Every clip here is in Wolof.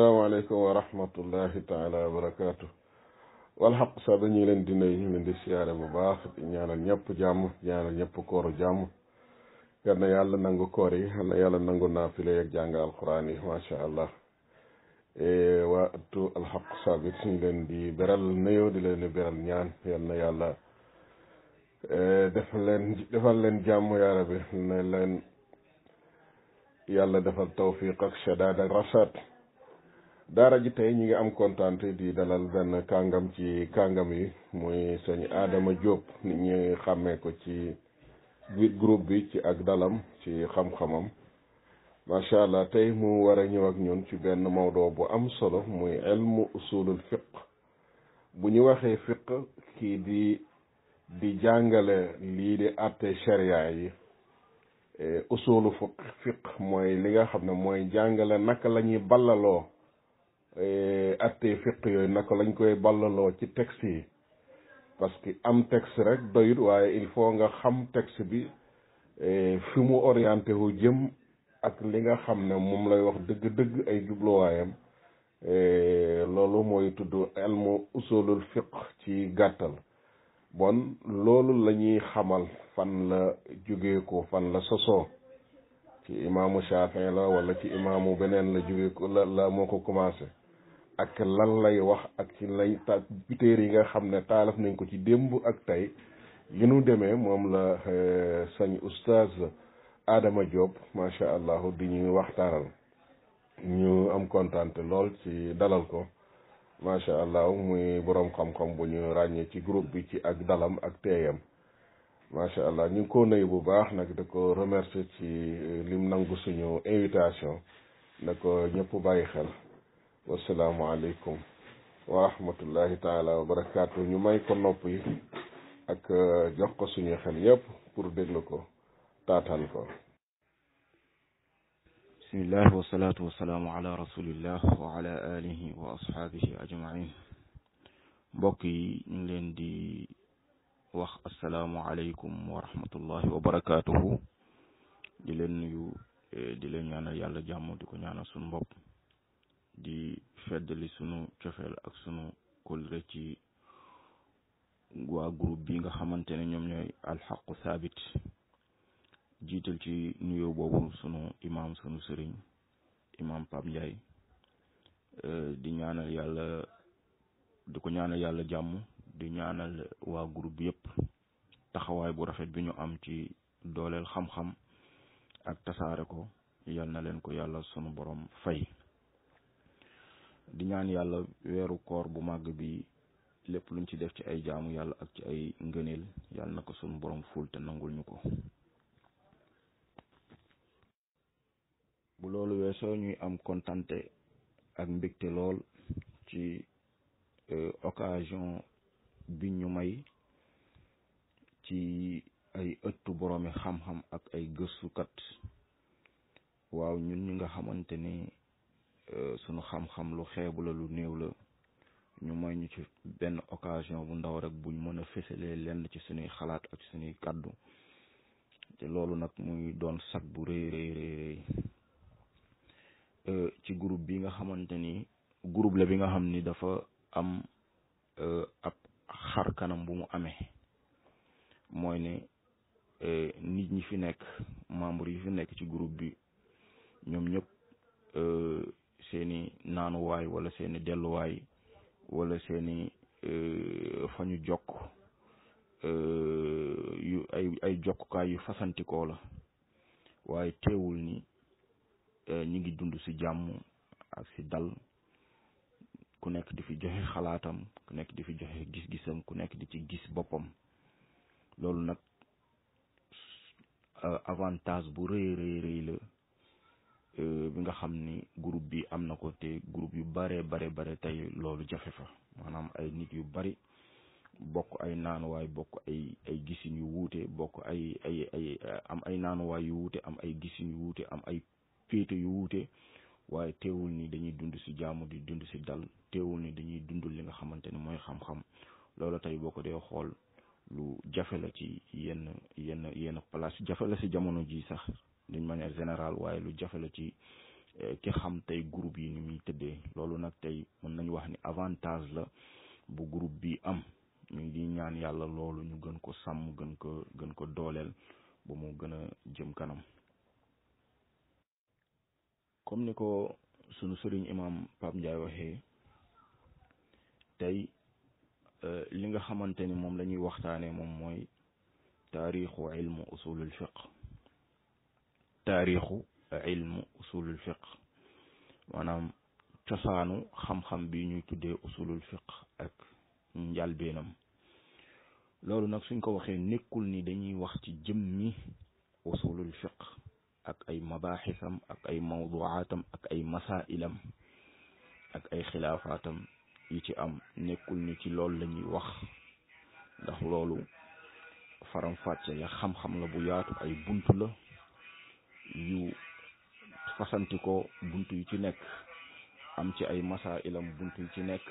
asalaamaaleykum wa rahmatullahi taala wa barakaatu wal xaq sax dañuy leen di nuyu ñu leen di siyaare bu baax di ñaanal ñëpp jàmm ñaanal ñëpp kooru jàmm yal na yàlla nangu koor yi yal na yàlla nangu naafile ak jàng alquran yi macha allah e, waa ëttu alxaq sabit ñu leen di beral nuyoo di leen di beral ñaan yal na yàlla e, defal leen defal leen jàmm yaa rabbi ne leen yàlla defal tawfiq ak shadaad ak rasaat dara ji tey ñu ngi am kontaan di dalal benn kàngam ci kàngam yi muy sëñ Adama Diop nit ñi xàmmee ko ci biir groupe bi ci ak dalam ci xam-xamam macha allah tey mu war a ñëw ak ñun ci benn mawdoo bu am solo muy ilmu usulul fiq bu ñu waxee fiq kii di di jàngale lii di àtte sharia yi eh, usulu fiq mooy li nga xam ne mooy jàngale naka la ñuy ballaloo Eh, attee fiq yooyu naka lañ koy ballaloo ci texte yi parce que am texte rek doyut waaye il faut nga xam texte bi eh, fi mu orienté wu jëm ak li nga xam ne moom lay wax dëgg-dëgg ay jubluwaayam eh, loolu mooy tudd elmu usulul fiq ci gàttal bon loolu la ñuy xamal fan la jugee fan la sosoo ci imaamu Shaafi'i la wala ci imaamu beneen la jugee la la moo ko commencé ak lan lay wax ak ci lay ta téere yi nga xam ne taalaf nañ ko ci démb ak tey yi nu demee moom la euh, sañ oustaz aadama Diop macha allah di ñuy waxtaanal ñu am kontaan lool ci dalal ko macha allah muy borom xam-xam bu ñu ràññee ci groupe bi ci ak dalam ak teeyam macha allah ñu ngi ko nuyu bu baax nag da ko remercier ci euh, lim nangu suñu invitation da ko ñëpp bàyyi xel. والسلام عليكم ورحمة الله تعالى وبركاته ñu may ko noppi ak euh, jox ko suñu xel yépp بسم الله والصلاة والسلام على رسول الله وعلى آله وأصحابه أجمعين بقي لندي وخ السلام عليكم ورحمة الله وبركاته دلن يو دلن يانا يالا جامو ديكو يانا di feddali sunu cofeel ak sunu kóllëre ci waa groupe bi nga xamante ne ñoom ñooy alxaqu saabit jiital ci nuyo boobu sunu imaam sunu sëriñ imaam Pape Ndiaye euh, di ñaanal yàlla di ko ñaanal yàlla jàmm di ñaanal waa groupe bi yëpp taxawaay bu rafet bi ñu am ci dooleel xam-xam ak tasaare ko yal na leen ko yàlla sunu borom fay. di ñaan yàlla weeru koor bu màgg bi lépp luñ ci def ci ay jaamu yàlla ak ci ay ngëneel yàlla na ko suñu borom ful te nangul ñu ko bu loolu weesoo ñuy am kontante ak mbégte lool ci euh, occasion bi ñu may ci ay ëttu boroomi xam-xam ak ay gëstukat waaw ñun ñi nga xamante ni Euh, sunu xam-xam lu xeebu la lu néew la ñu may ñu ci benn occasion bu ndaw rek buñ mën a fësalee lenn ci suñuy xalaat ak sunuy kàddu te loolu nag muy doon sag bu rëy rëy rëy euh, ci groupe bi nga xamante ni group la bi nga xam ni dafa am euh, ab xar kanam bu mu amee mooy ne nit ñi fi nekk membre yi fi nekk ci groupe bi ñoom ñëpp seen i naanuwaay wala seeni delluwaay wala seen i e, fa ñu jokk e, yu ay ay jokkukaay yu fasantikoo la waaye teewul ni e, ñu ngi dund si jàmm ak si dal ku nekk di fi joxe xalaatam ku nekk di fi joxe gis-gisam ku nekk di ci gis boppam loolu nag avantage bu rëy rëy rëy la Euh, bi nga xam ni groupe bi am na ko te group yu bare bare bare tey loolu jafe fa maanaam ay nit yu bari bokk ay naanuwaay bokk ay ay gisin yu wuute bokk ay ay ay am ay naanuwaay yu wuute am ay gisin yu wuute am ay féete yu wuute waaye teewul nii dañuy dund si jaamu di dund si dal teewul ni dañuy dundul li nga xamante ni mooy xam-xam loolu tey boo ko dee xool lu jafe la ci yenn yenn yenn place jafe la si jamono ji sax d'une manière générale waaye lu jafe la ci eh, ki xam tey groupe yi ni muy tëddee loolu nag tey mën nañu wax ni avantage la bu groupe bi am ñu ngi ñaan yàlla loolu ñu gën ko sàmm gën ko gën ko dooleel ba mu gën a jëm kanam comme ni ko sunu sëriñ imam Pape Ndiaye waxee tey eh, li nga xamante ni moom la ñuy waxtaanee moom mooy taarixu ilmu usulul fiqh taarixu ilmu usulul fiq maanaam cosaanu xam-xam bi ñuy tuddee usulul fiq ak njalbeenam loolu nag suñ ko waxee nekkul ni dañuy wax ci jëmmi usulul fiq ak ay mabaaxisam ak ay mawduaatam ak ay masailam ak ay xilaafaatam yi ci am nekkul ni ci loolu la ñuy wax ndax loolu faram fàcce ya xam-xam la bu yaatu ay bunt la yu fasanti ko bunt yu ci nekk am ci ay masa ilam bunt yu ci nekk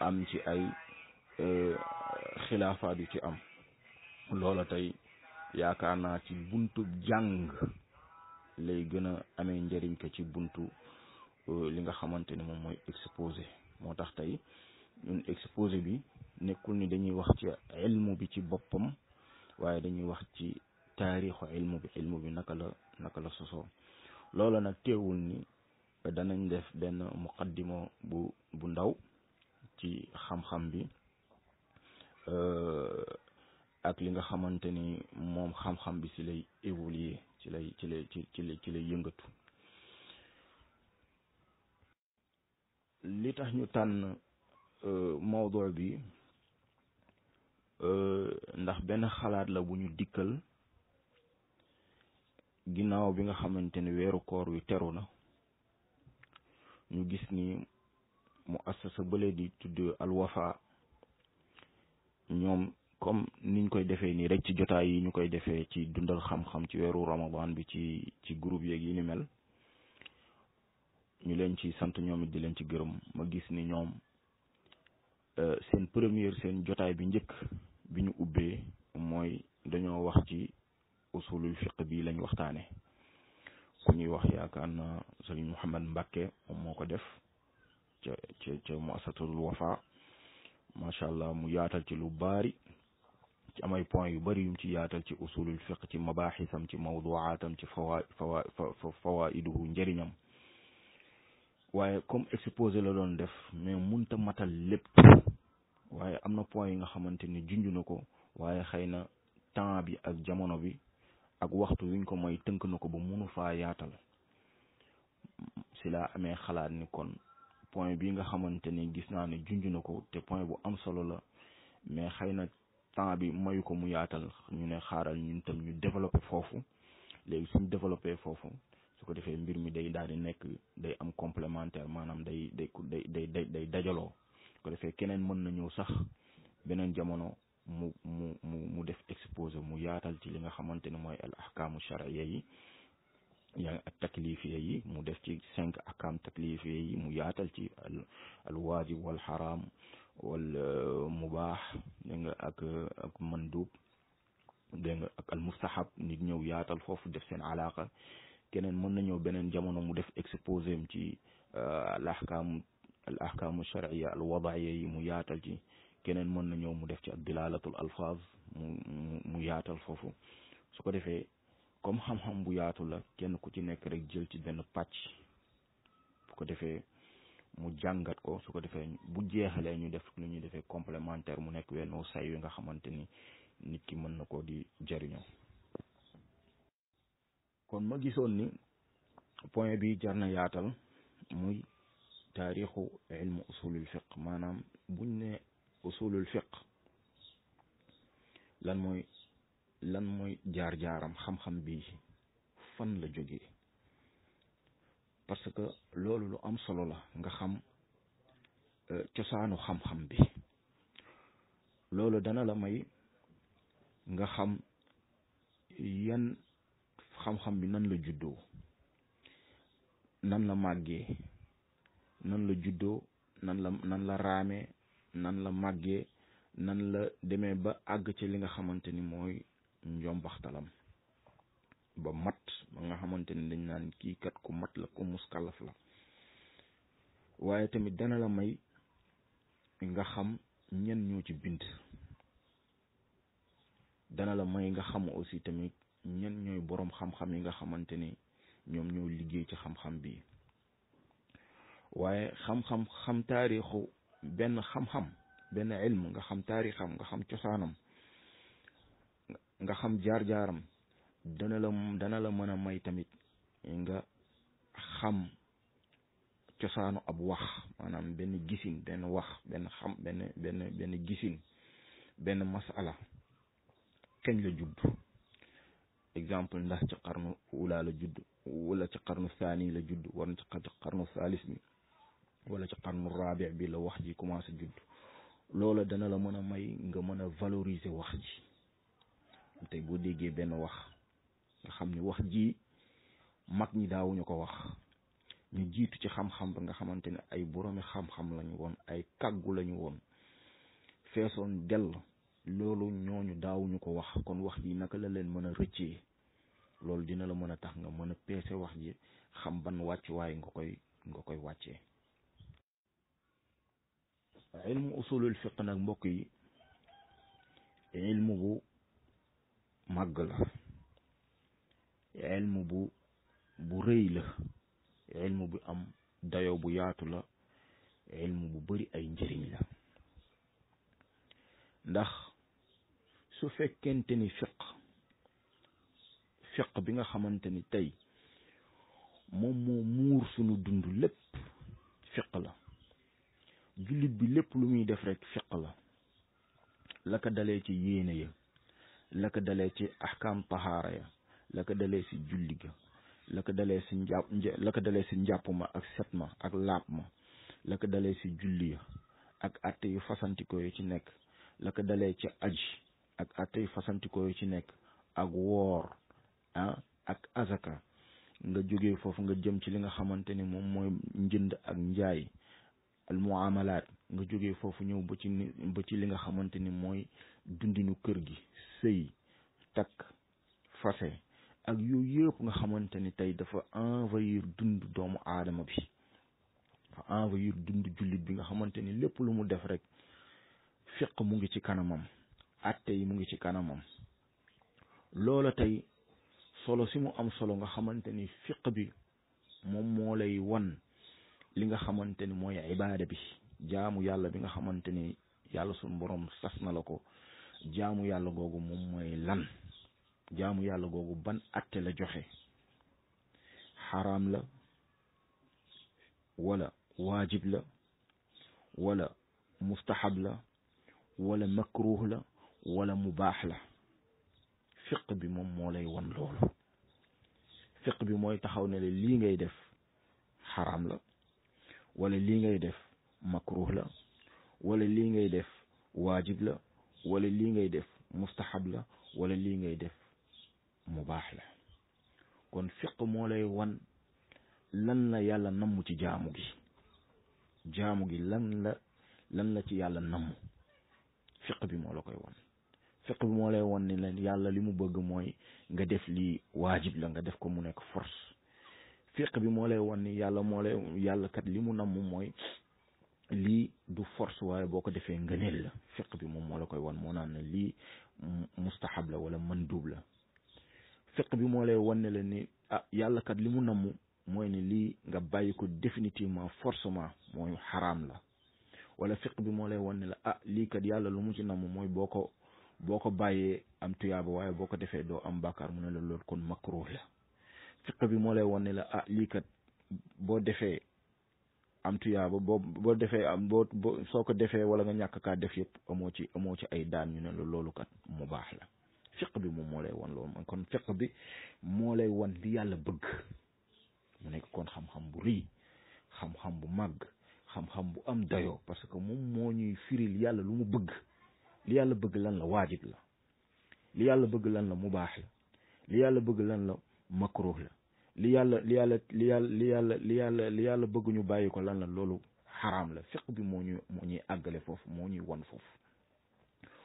am ci ay e, xilaafaat yu ci am loola tey yaakaar naa ci buntu jàng lay gën a amee njëriñ ko ci buntu e, li nga xamante ne moom mooy exposé moo tax tey ñun exposé bi nekkul ni dañuy wax ci ilmu bi ci boppam waaye dañuy wax ci taarixu ilmu bi ilmu bi naka la naka la sosoo loolu nag téewul ni danañ def benn muqaddimo bu ndaw ci xam-xam bi euh, ak li nga xamante ni moom xam-xam bi ci lay évoluer ci lay ci lay ci ci lay yëngatu li tax ñu tànn euh, mawdoo bi euh, ndax benn xalaat la bu ñu dikkal ginnaaw bi nga xamante ne weeru koor wi teru na ñu gis ni mu assasa bële di tudd alwafa ñoom comme niñ koy defee nii rek ci jotaay yi ñu koy defee ci dundal xam-xam ci weeru ramadan bi ci ci groupe yeeg yi ni mel ñu leen ci sant ñoom di leen ci gërëm ma gis ni ñoom euh, seen première seen jotaay bi njëkk bi ñu ubbee mooy dañoo wax ci usulul fiq bi lañ waxtaane ku ñuy wax yaakaar na sëriñ Mouhamed Mbacke moom ko def ca ca ca muassasatul wafa macha allah mu yaatal ci lu baari ci amay point yu bari yum ci yaatal ci usulul fiq ci mabaxisam ci mawduaatam ci fawa fawa fawaiduhu njariñam waaye comme exposé la doon def mais mun ta matal lépp waaye am na point yi nga xamante ni junj ko waaye xëy na temps bi ak jamono bi ak waxtu wiñ ko mooy tënk na ko ba mënu faa yaatal si laa amee xalaat ni kon point bi nga xamante ni gis naa ne junj na ko te point bu am solo la mais xëy na temps bi mayu ko mu yaatal ñu ne xaaral ñun tam ñu développé foofu léegi suñ développé foofu su ko defee mbir mi day daal di nekk day am complementaire maanaam day day day day day dajaloo su ko defee keneen mën na ñëw sax beneen jamono mu mu mu def exposé mu yaatal ci li nga xamantene moy al ahkaamu shar'iyya yi ya ak taklifiyya yi mu def ci 5 ahkam taklifiyya yi mu yaatal ci al al waajib wal haram wal mubah nga ak ak mandub dégg nga ak al mustahab nit ñëw yaatal fofu def seen alaqa keneen mën na ñëw benen jamono mu def exposé ci al ahkam al ahkaamu shar'iyya al wadaiya yi mu yaatal ci keneen mën na ñëw mu def ci ak dilaalatul alfaaz mu mu yaatal foofu su ko defee comme xam-xam bu yaatu la kenn ku ci nekk rek jël ci benn pàcc bu ko defee mu jàngat ko su ko defee bu jeexalee ñu def lu ñuy defee complémentaire mu nekk wenn say wi nga xamante ni nit ki mën na koo di jëriñoo kon ma gisoon ni point bi jar na yaatal muy taarixu ilmu usulul fiq maanaam buñ ne usulul fiq lan mooy lan mooy jaar-jaaram xam-xam bi fan la jóge parce que loolu lu am solo la nga xam euh, cosaanu xam-xam bi loolu dana la may nga xam yan xam-xam bi nan la juddoo nan la màggee nan la juddoo nan la nan la raamee nan la màggee nan la demee ba àgg ci li nga xamante ni mooy njombaxtalam ba mat ba nga xamante ni dañ naan kii kat ku mat la ko muskalaf la waaye tamit dana la may nga xam ñen ñoo ci bind dana la may nga xam aussi tamit ñen ñooy boroom xam-xam yi nga xamante ni ñoom ñoo liggéey ci xam-xam bi waaye xam-xam xam taarixu benn xam-xam benn ilm nga xam taarixam nga xam cosaanam nga xam jaar-jaaram dana la dana la mën a may tamit nga xam cosaanu ab wax maanaam benn gisin benn wax benn xam benn benn benn gisin benn masala kañ la judd exemple ndax ci xarnu ulaa la judd wala ci xarnu saani la judd war na ci xarnu saalis mi wala ci xarnu raabi bi la wax ji commencé judd loola dana la mën a may nga mën a valoriser wax ji tey boo déggee benn wax nga xam ni wax ji mag ñi daawuñu ko wax ñu jiitu ci xam-xam ba nga xamante ne ay boromi xam-xam lañu woon ay kàggu lañu woon feesoon dell loolu ñooñu daawuñu ko wax kon wax ji naka la leen mën a rëccee loolu dina la mën a tax nga mën a peese wax ji xam ban wàccuwaay nga koy nga koy wàccee ilmu usulul fiq nag mbokk yi ilmu bu màgg la ilmu bu bu rëy la ilmu bu am dayo bu yaatu la ilmu bu bari ay njëriñ la ndax su fekkente ni fiq fiq bi nga xamante ni tey moom moo muur sunu dund lépp fiq la jullit bi lépp lu muy def rekk fiq la la ko dalee ci yéene ya la dalee ci ahkam tahaara ya la dalee si julli ga la dalee si njàpp ma ak set ma ak laab ma la ko dalee si julli ya ak atte yu fasantikoo yu ci nekk la dalee ci aji ak atte yu fasantikoo yu ci nekk ak woor ah ak azaka nga jógee foofu nga jëm ci li nga xamante ni moom mooy njënd ak njaay al muamalaat nga jógee foofu ñëw ba ci ba ci li nga xamante ni mooy dundinu kër gi sëy takk fase ak yooyu yëpp nga xamante ni tey dafa envahir dund doomu aadama bi dafa envahir dund jullit bi nga xamante ni lépp lu mu def rek fiq mu ngi ci kanamam atte yi mu ngi ci kanamam loola tey solo si mu am solo nga xamante ni fiq bi moom moo lay wan li nga xamante ni mooy ibaada bi jaamu yàlla bi nga xamante ni yàlla suñu borom sas na la ko jaamu yàlla googu moom mooy lan jaamu yàlla googu ban atte la joxe xaraam la wala waajib la wala mustaxab la wala makruh la wala mubaax la fiq bi moom moo lay won loolu fiq bi mooy taxaw ne la lii ngay def xaraam la wala lii ngay def makruh la wala lii ngay def waajib la wala lii ngay def mustahab la wala lii ngay def mubaax la kon fiq moo lay wan lan la yàlla namm ci jaamu gi jaamu gi lan la lan la ci yàlla namm fiq bi moo la koy wan fiq bi moo lay wan ni yàlla li mu bëgg mooy nga def lii waajib la nga def ko mu nekk force fiq bi moo lay wan ni yàlla moo yàlla kat li mu namu mooy lii du force waaye boo ko defee ngëneel la fiq bi moom moo la koy wan moo naan ne lii mustahab la wala mandub la fiq bi moo lay wan ne ni ah yàlla kat li mu namm mooy ni lii nga bàyyi ko définitivement forcément mooy xaraam la wala fiq bi moo lay wan ne la a ah, lii kat yàlla lu mu ci namm mooy boo ko boo ko bàyyee am tuyaaba waaye boo ko defee doo am bàkkaar mu ne la loolu kon makruh la fiq bi moo lay won ne la ah lii kat boo defee am tuyaaba boo boo defee am boo soo ko defee wala nga ñàkk kaa def yëpp amoo ci amoo ci ay daan ñu ne la loolu kat mu baax la fiq bi moom moo lay won loolu man kon fiq bi moo lay won li yàlla bëgg mu nekk kon xam bu rëy xam-xam bu màgg xam bu am dayoo parce que moom moo ñuy firil yàlla lu mu bëgg li yàlla bëgg lan la waajib la li yàlla bëgg lan la mu baax la li yàlla bëgg lan la makruh la li yàlla li yàlla li yàlla li yàlla li yàlla li yàlla bëgg ñu bàyyi ko lan la loolu xaraam la fiq bi moo ñu moo ñuy àggale foofu moo ñuy won foofu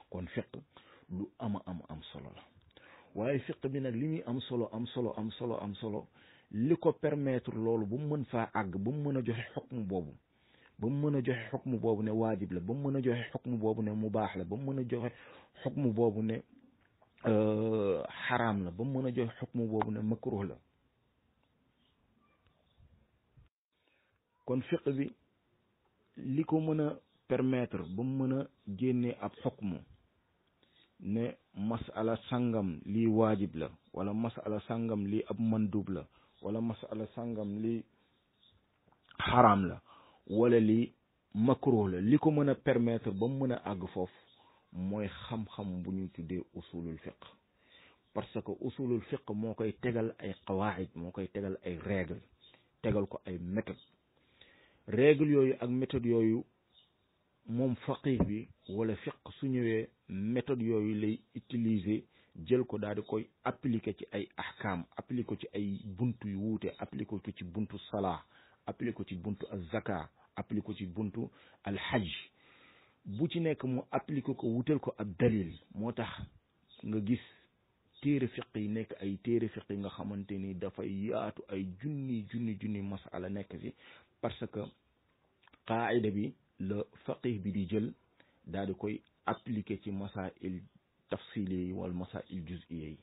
kon fiq lu ama am am solo la waaye fiq bi nag li muy am solo am solo am solo am solo li ko permettre loolu ba mu mën faa àgg ba mu mën a joxe xukm boobu ba mu mën a joxe xukm boobu ne waajib la ba mu mën a joxe xukm boobu ne mubaax la ba mu mën a joxe xukm boobu ne Euh, xaraam na ba mu mën a jox xukmu boobu ne makruh la kon fiq bi li ko mën a permettre ba mu mën a génne ab xukmu ne masala sàngam lii waajib la wala masala sàngam lii ab mandub la wala masala sàngam lii xaraam la walla lii makruh la li ko mën a permettre ba mu mën a àgg foofu mooy xam-xam bu ñu tuddee usulul fiq parce que usulul fiq moo koy tegal ay qawaid moo koy tegal ay règle tegal ko ay méthode règle yooyu ak méthode yooyu moom faqih bi wala fiq su ñëwee méthode yooyu lay utiliser jël ko daal di koy appliquer ci ay ahkam appliquer ko ci ay buntu yu wuute appliquer ci buntu salaa appliquer ko ci buntu az zaka appliquer ko ci buntu al hajj bu ci nekk mu appliqué ko wutal ko ab dalil moo tax nga gis téere fiq yi nekk ay téere fiq yi nga xamante ni dafay yaatu ay junni junni junni masala nekk ci parce que qaayida bi la faqih bi di jël daal di koy appliqué ci masail tafsiliya yi wala masail juziya yi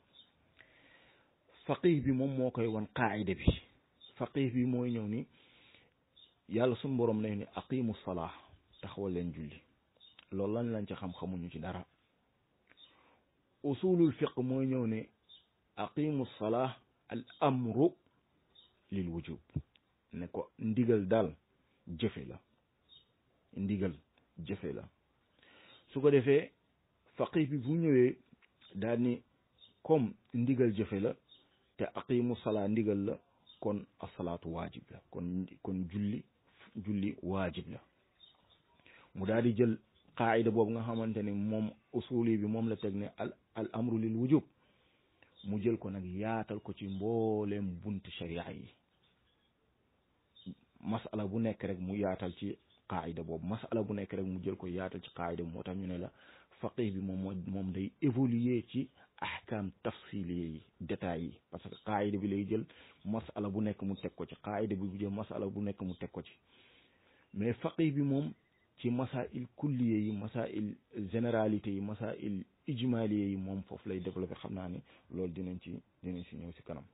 faqih bi moom moo koy wan qaayida bi faqih bi mooy ñëw ni yàlla suñu borom lay ni aqimu salaa taxawal leen julli loolu lañ lañ ci xam ñu ci dara usulul fiq mooy ñëw ne aqimu salah al amru lil wujub ne ko ndigal dal jëfe la ndigal jëfe la su ko defee faqih bi bu ñëwee daal ni comme ndigal jëfe la te aqimu salaa ndigal la kon asalaatu waajib la kon kon julli julli waajib la mu daal jël qaayida boobu nga xamante ni moom usuli bi moom la teg ne al al amru lil wujub mu jël ko nag yaatal ko ci mbooleem bunti sharia yi masala bu nekk rek mu yaatal ci qaayida boobu masala bu nekk rek mu jël ko yaatal ci qaayida moo tax ñu ne la faqih bi moom moom day évoluer ci ahkam tafsiliye yi détails yi parce que qaayida bi lay jël masala bu nekk mu teg ko ci qaayida bi bu jël masala bu nekk mu teg ko ci mais faqih bi moom ci masail kulliye yi masail généralité yi masail ijmaliye yi moom foofu lay développé xam naa ni loolu dinañ ci dinañ ci ñëw si kanam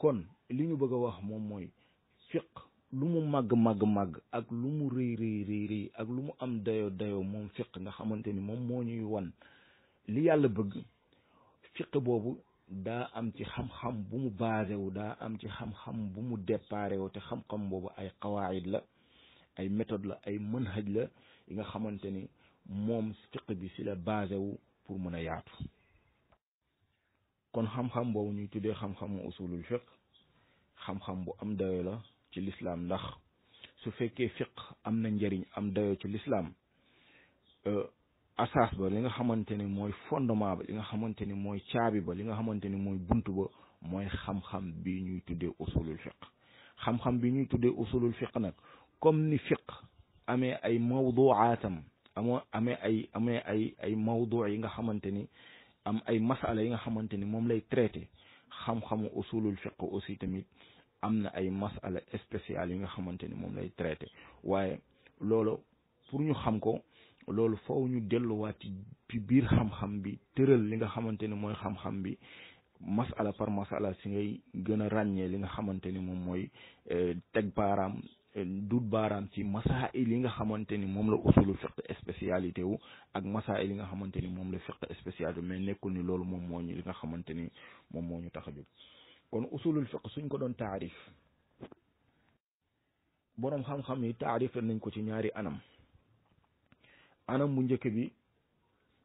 kon li ñu bëgg a wax moom mooy fiq lu mu màgg màgg màgg ak lu mu rëy rëy rëy ak lu mu am dayo dayo moom fiq nga xamante ni moom moo ñuy wan li yàlla bëgg fiq boobu daa am ci xam-xam bu mu basé daa am ci xam-xam bu mu déparé wu te xam-xam boobu ay qawaayid la ay méthode la ay manhaj la yi nga xamante ni moom fiq bi si la basé wu pour mën a yaatu kon xam-xam boobu ñuy tuddee xam-xamu usulul fiq xam-xam bu am dayo la ci lislaam ndax su fekkee fiq am na njëriñ am dayo ci lislaam euh, asaas ba li nga xamante ni mooy fondement ba li nga xamante ni mooy caabi ba li nga xamante ni mooy bunt ba mooy xam-xam bi ñuy tuddee usulul fiq xam-xam bi ñuy tuddee usulul fiq nag comme ni fiq amee ay mawduaatam amoo amee ay amee ay ay mawduu yi nga xamante ni am ay masala yi nga xamante ni moom lay traité xam-xamu usulul fiq aussi tamit am na ay masala spéciale yi nga xamante ni moom lay traité waaye loolo pour ñu xam ko loolu foofu ñu delluwaat ci biir xam-xam bi tëral li nga xamante ni mooy xam-xam bi masala par masala si ngay gën a ràññee li nga xamante ni moom mooy eh, teg baaraam duut baaraam ci masaa nga xamante ni moom la usulu fiq spécialité wu ak masaa yi nga xamante ni moom la fiq spécialité mais nekkul ni loolu moom moo li nga xamante ni moom moo ñu tax a jóg kon usulul fiq suñ ko doon taarif boroom xam-xam yi taarif nañ ko ci ñaari anam anam bu njëkk bi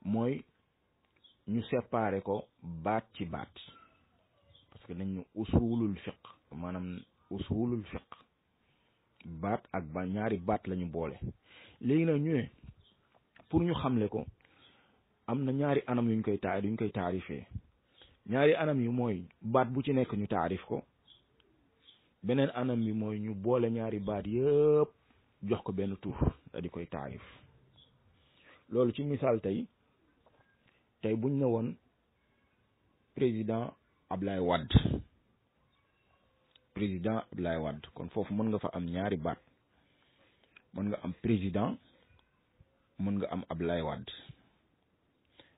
mooy ñu séparer ko baat ci baat parce que nañ ñu usulul fiq maanaam usulul fiq baat ak ba ñaari baat lañu boole léegi nag ñu pour ñu xamle ko am na ñaari anam yuñ koy taar yuñ koy taarifee ñaari anam yi mooy baat bu ci nekk ñu taarif ko beneen anam yi mooy ñu boole ñaari baat yëpp jox ko benn tur da di koy taarif loolu ci misaal tey tey buñ ne woon président Ablaye Wade président lay Wade kon foofu mën nga fa am ñaari baat mën nga am président mën nga am ab Abdoulaye Wade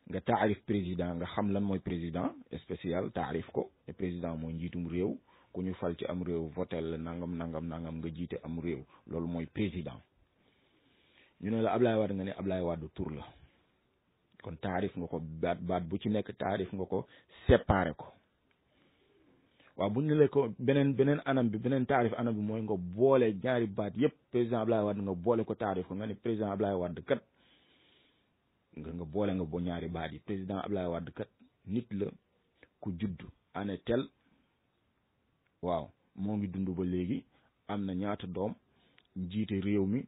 nga taarif président nga xam lan mooy président spécial taarif ko te président mooy njiitum réew ku ñu fal ci am réew votel nangam nangam nangam nga jiite am réew loolu mooy président ñu ne la Ablaye Wade nga ne Ablaye Wade tur la kon taarif nga ko baat baat bu ci nekk taarif nga ko séparé ko waaw bu ñu la ko beneen beneen anam bi beneen taarif anam bi mooy nga boole ñaari baat yëpp président Ablaye Wade nga boole ko taarif ko nga ne président Ablaye Wade kat nga nga boole nga bo ñaari baat yi président Ablaye Wade kat nit la ku judd année tel waaw moo ngi dund ba léegi am na ñaata doom jiite réew mi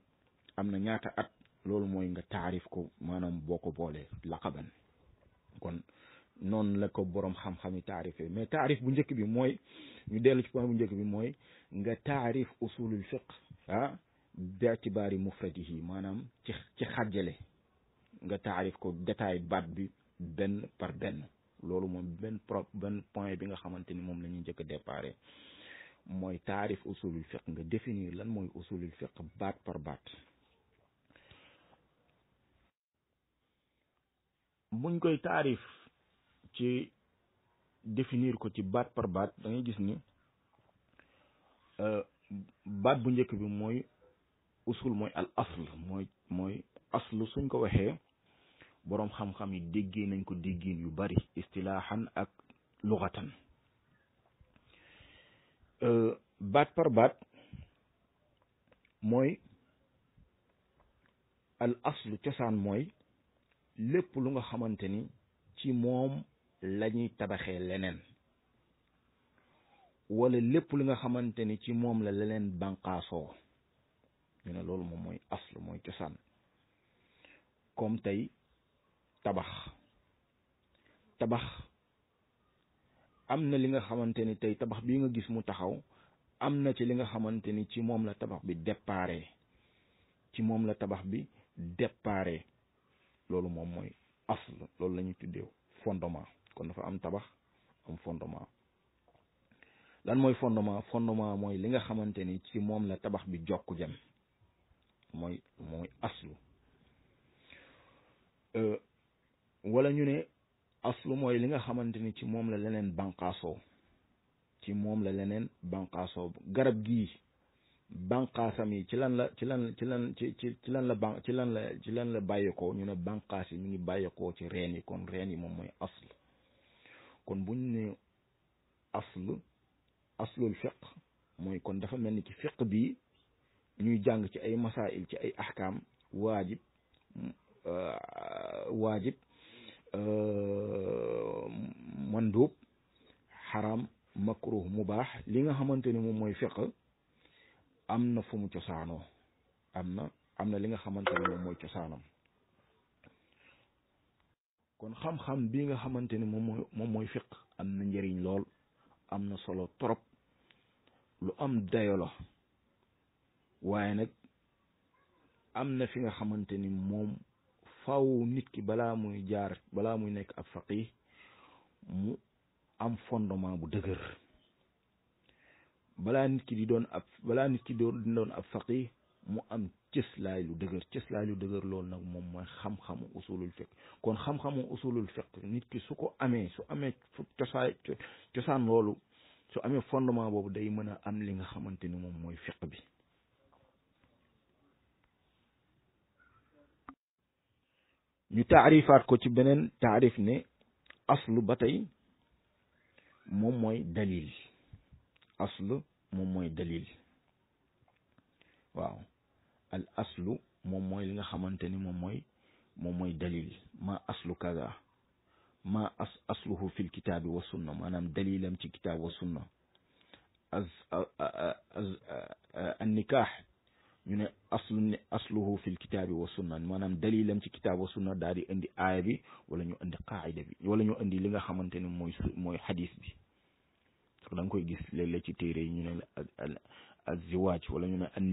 am na ñaata at loolu mooy nga taarif ko maanaam boo ko boolee laqaban kon noonu la ko boroom xam-xam yi taarifé mais taarif bu njëkk bi mooy ñu dellu ci point bu njëkk bi mooy nga taarif usulul fiqh ah bi'tibaari mufradihi maanaam ci ci xàjjale nga taarif ko détail baat bi benn par benn loolu moom benn pro benn point bi nga xamante ni moom lañuy njëkk a déparé mooy taarif usulul fiqh nga définir lan mooy usulul fiqh baat par baat buñ koy taarif ci definir ko ci baat par baat dangay gis ni euh, baat bu njëkk bi mooy usul mooy al asl mooy mooy aslu suñ ko waxee boroom xam-xam yi déggee nañ ko déggiin yu bari istilaaxan ak luxatan euh, baat par baat mooy al aslu cosaan mooy lépp lu nga xamante ni ci moom la ñuy tabaxee leneen wala lépp li nga xamante ni ci moom la leneen bànqaasoo ñu ne loolu moom mooy aslu mooy cosaan comme tey tabax tabax am na li nga xamante ni tey tabax bii nga gis mu taxaw am na ci li nga xamante ni ci moom la tabax bi déparé ci moom la tabax bi déparé loolu moom mooy aslu loolu la ñu tuddee fondement kon dafa am tabax am fondement lan mooy fondement fondement mooy li nga xamante ni ci moom la tabax bi jokk jëm mooy mooy aslu euh, wala ñu ne aslu mooy li nga xamante ni ci moom la leneen banqaasoo ci moom la leneen banqaasoo garab gii banqaasam yi ci lan la ci lan ci lan ci ci ci lan la ban ci lan la ci lan la bàyyeekoo ñu ne banqaas yi ñu ngi bàyyeekoo ci reen yi kon reen yi moom mooy aslu kon buñ ne asl aslul fiq mooy kon dafa mel ni ci fiq bii ñuy jàng ci ay masail ci ay ahkaam waajib euh, waajib euh, mandub xaram makruh mubaax li nga xamante ni moom mooy fiq am na fu mu cosaanoo am na am na li nga xamante ne moom mooy cosaanam kon xam-xam bi nga xamante ni moom moom mooy fiq am na njëriñ lool am na solo trop lu am dayolo waaye nag am na fi nga xamante ni moom faw nit ki balaa muy jaar balaa muy nekk ab faqih mu am fondement bu dëgër balaa nit ki di doon ab balaa nit ki doon ab mu am cëslaay lu dëgër cëslaay lu dëgër loolu nag moom mooy xam-xamu usulul fiqh kon xam-xamu usulul fiqh nit ki su ko amee su amee cosaay cosaan loolu su amee fondement boobu day mën a am li nga xamante ni moom mooy fiqh bi ñu taarifaat ko ci beneen taarif ne aslu ba tey moom mooy dalil aslu moom mooy dalil waaw al aslu moom mooy li nga xamante ni moom mooy moom mooy dalil ma aslu kaza ma as asluhu fil kitaabi wa sunna maanaam dalilam ci kitaab wa sunna as an nikaax ñu ne aslu asluhu maanaam dalilam ci kitaab wa sunna daal di indi aaya bi wala ñu indi qaayida wala ñu indi li nga xamante ni mooy mooy xadis bi da nga koy gis léeg ci téere yi ñu ne al al ziwaaj wala ñu ne an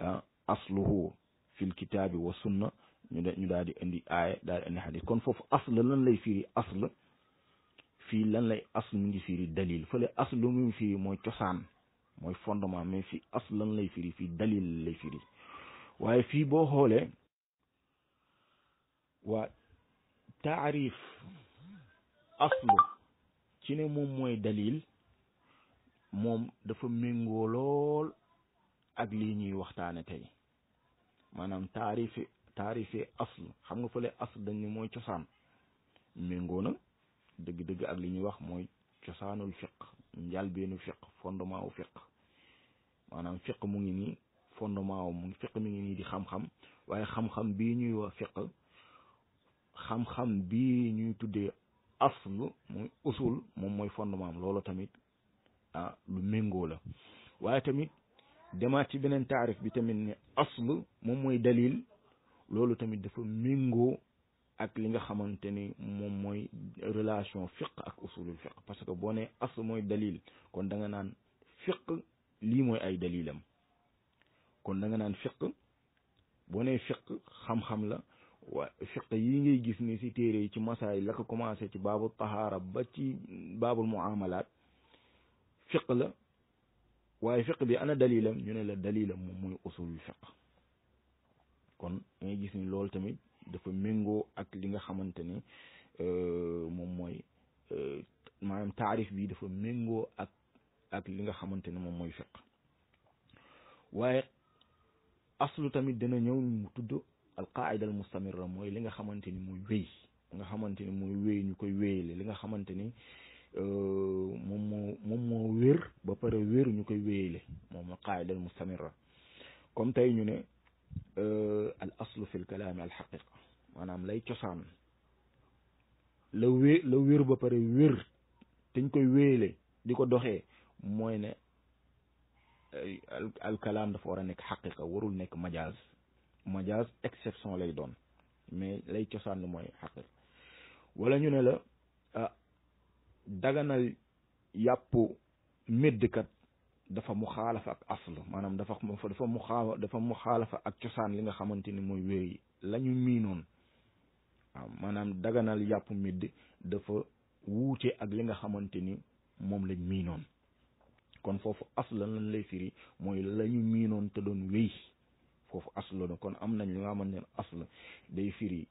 Eh, asluhu fil kitaabi wa sunna ñu de ñu daal di indi aaya daal di indi kon foofu asl lan lay firi asl fii lan lay asl mu ngi firi dalil fële asl mu ngi firi mooy cosaan mooy fondement mais fi asl lan lay firi fii dalil lay firi waaye fii boo xoolee waa taarif aslu ci moom mooy dalil moom dafa méngoo lool ak lii ñuy waxtaane tey maanaam taarifi taarifi asl xam nga fële asl dañ mooy cosaan méngoo na dëgg-dëgg ak li ñuy wax mooy cosaanul fiq njalbeenu fiq fondement wu fiq maanaam fiq mu ngi nii fondement wu mu ngi fiq mi ngi nii di xam-xam waaye xam-xam bii ñuy wax fiq xam-xam bii ñuy tuddee asl muy usul moom mooy fondement am loolu tamit ah lu méngoo la waaye tamit demaat ci beneen taarif bi tamit ni asl moom mooy dalil loolu tamit dafa méngoo ak li nga xamante ni moom mooy relation fiq ak usulul fiq parce que boo nee asl mooy dalil kon da nga naan fiq lii mooy ay dalilam kon da nga naan fiq boo nee fiq xam-xam la waa fiq yi ngay gis ni si téere yi ci masaay la ko commencé ci baabul tahaara ba ci baabul muamalaat fiq la waaye fiq bi ana dalilam ñu ne la dalilam moom mooy usulul fiq kon ngay gis ni tamit dafa méngoo ak li nga xamante ni euh, moom mooy euh, maanaam taarif bi dafa méngoo ak ak li nga xamante ni moom mooy fiq waaye aslu tamit dina ñëw mu tudd alqaida al mustamirra mooy li nga xamante ni mooy wéy nga xamante ni mooy wéy ñu koy wéyale li nga xamante ni Euh, moom moo moom moo wér ba pare wéru ñu koy wéyale moom la qaayidal mustamirra comme tey ñu ne euh, al aslu fi l kalaami al xaqiqa maanaam lay cosaan la wé la wér ba pare wér te ñu koy wéyale di ko doxee mooy ne al kalaam dafa war a nekk xaqiqa warul nekk majaaz majaaz exception lay doon mais lay cosaan lu mooy xaqiqa wala ñu ne la ah, daganal yàppu méddkat dafa mu xaalafa ak asl maanaam dafa dafa mu xaawa dafa mu ak cosaan li nga xamante ni mooy wéy yi lañu miinoon waaw maanaam daganal yàpp médd dafa wuute ak li nga xamante ni moom lañ miinoon kon foofu asla lan lay firi mooy la ñu miinoon te doon wéy foofu asla la kon am nañ li nga xamante ne asla day firi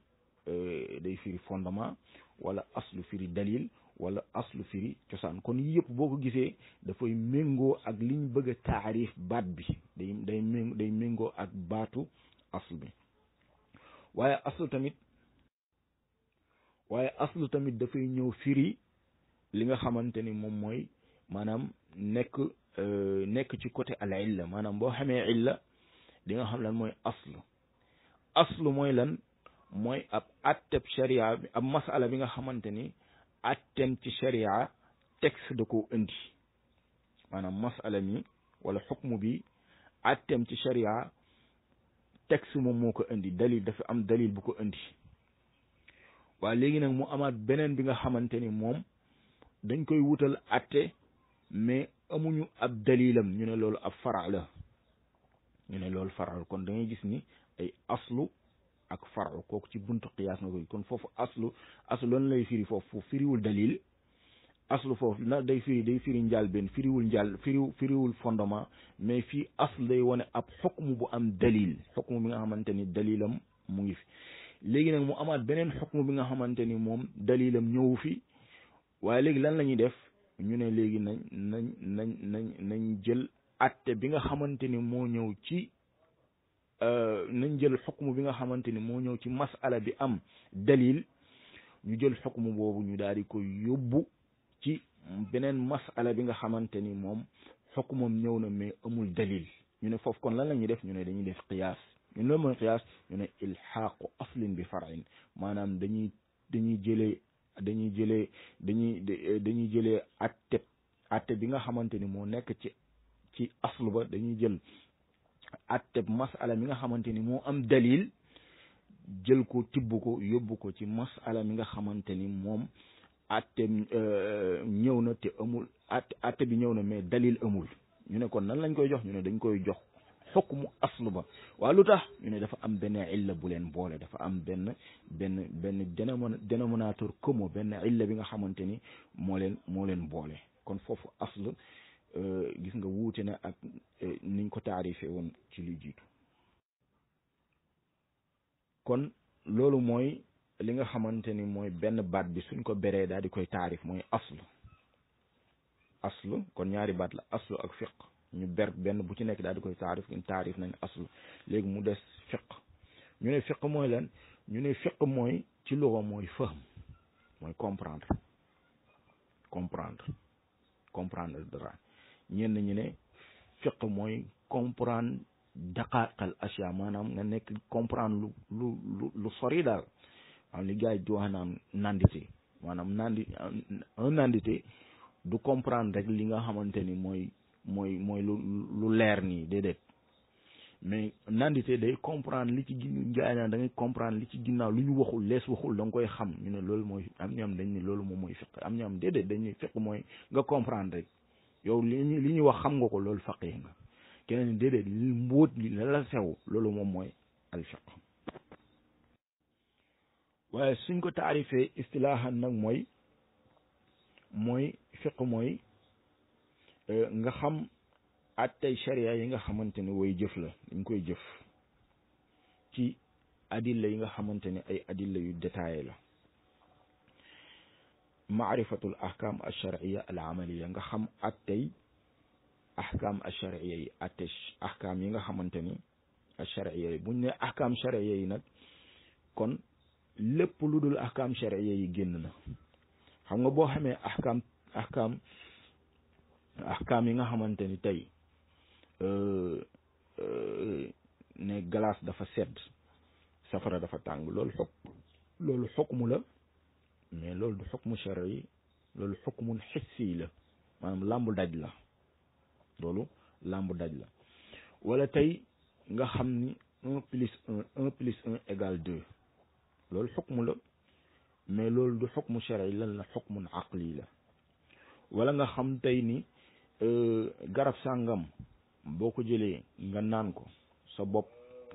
euh, day firi fondement wala aslu firi dalil wala aslu firi cosaan kon yii yëpp boo ko gisee dafay méngoo ak liñ bëgg a taarif baat bi day day méng day méngoo ak baatu aslu bi waaye aslu tamit waaye aslu tamit dafay ñëw firi li nga xamante ni moom mooy maanaam nekk euh, nekk ci côté al illa maanaam boo xamee illa li nga xam lan mooy aslu aslu mooy lan mooy ab atteb sharia bi ab masala bi nga xamante ni attem ci sharia texte da koo indi maanaam masala mi wala xukmu bi attem ci sharia texte moom moo ko indi dalil dafa am dalil bu ko indi waaye léegi nag mu amaat beneen bi nga xamante ni moom dañ koy wutal atte mais amuñu ab dalilam ñu ne loolu ab fara ñu ne loolu faral kon da gis ni ay aslu ak faru kooku ci buntu qiyaas nga koy kon foofu aslu aslu lan lay firi foofu firiwul dalil aslu foofu na day firi day firi njaal benn firiwul njaal firiw firiwul fondement mais fii aslu day wone ab xukmu bu am dalil xukmu bi nga xamante ni dalilam mu ngi fi léegi nag mu amaat beneen xukmu bi nga xamante ni moom dalilam ñëwu fi waaye léegi lan la ñuy def ñu ne léegi nañ nañ nañ nañ nañ jël atte bi nga xamante ni moo ñëw ci Euh, nañ jël xukmu bi nga xamante ni moo ñëw ci masala bi am dalil ñu jël xukmu boobu ñu daal di ko yóbbu ci beneen masala bi nga xamante ni moom xukmam ñëw na mais amul dalil ñu ne foofu kon lan la ñuy def ñu ne dañuy def qiyaas ñun loolu mooy ñu ne ilxaaqu aslin bi farin maanaam dañuy dañuy jëlee dañuy jëlee dañuy dañuy jëlee atte atte bi nga xamante ni moo nekk ci ci aslu ba dañuy jël atteb masala mi nga xamante ni moo am dalil jël ko tibb ko yóbbu ko ci masala mi nga xamante ni moom atte euh, ñëw na te amul at atte bi ñëw na mais dalil amul ñu ne kon nan lañ koy jox ñu ne dañ koy jox xukmu aslu ba waaw lu tax ñu ne dafa am benn illa bu leen boole dafa am benn benn benn dénomon dénominateur commun benn illa bi nga xamante ni moo leen moo leen boole kon foofu aslu Euh, gis nga wuute na ak eh, niñ ko taarifee woon ci li jiitu kon loolu mooy li nga xamante ni mooy benn baat bi suñ ko beree daal di koy taarif mooy aslu aslu kon ñaari baat la aslu ak fiq ñu ber benn bu ci nekk daal di koy taarif ñu taarif nañ aslu léegi mu des fiq ñu ne fiq mooy lan ñu ne fiq mooy ci luxa mooy fahm mooy comprendre comprendre comprendre dara ñenn ñi ne fiq mooy comprend daqaaqal asia maanaam nga nekk comprendre lu lu lu lu sori daal am li gars wax naan nandite maanaam nandi un nandite du comprendre rek li nga xamante ni mooy mooy mooy lu lu leer nii déedéet mais nandite day comprendre li ci gin gars yi naan da ngay li ci ginnaaw lu ñu waxul lees waxul da nga koy xam ñu ne loolu mooy am ñu am dañ ne loolu moom mooy fiq am ñu am déedéet dañ ne fiq mooy nga comprendre rek yow li ñu li ñuy wax xam nga ko loolu faqi nga keneen déedéet li mbóot li sew loolu moom mooy alfiq waaye suñ ko taarifee istilaahan nag mooy mooy fiq mooy e, nga xam at attey sharia yi nga xamante ne way jëf la dañ koy jëf ci adilla yi nga xamante ne ay adilla yu détaillé la maarifatul ahkam alcharia al amaliya nga xam attey ahkam alcharia yi atte ahkam yi nga xamante ni alcharia yi buñ ne ahkam charia yi nag kon lépp lu dul ahkam charia yi génn na xam nga boo xamee ahkam ahkam ahkam yi nga xamante ni tey euh, euh, ne glace dafa sedd safara dafa tàng loolu xok la mais loolu du xukmu shar'i loolu xukmun xissi la maanaam làmbu daj la loolu làmbu daj la wala tey nga xam ni un plus un un plus un égale deux loolu xukmu la mais loolu du xukmu shar'i lan la xukmun aqli la wala nga xam tey ni euh, garab sàngam boo ko jëlee nga naan ko sa bopp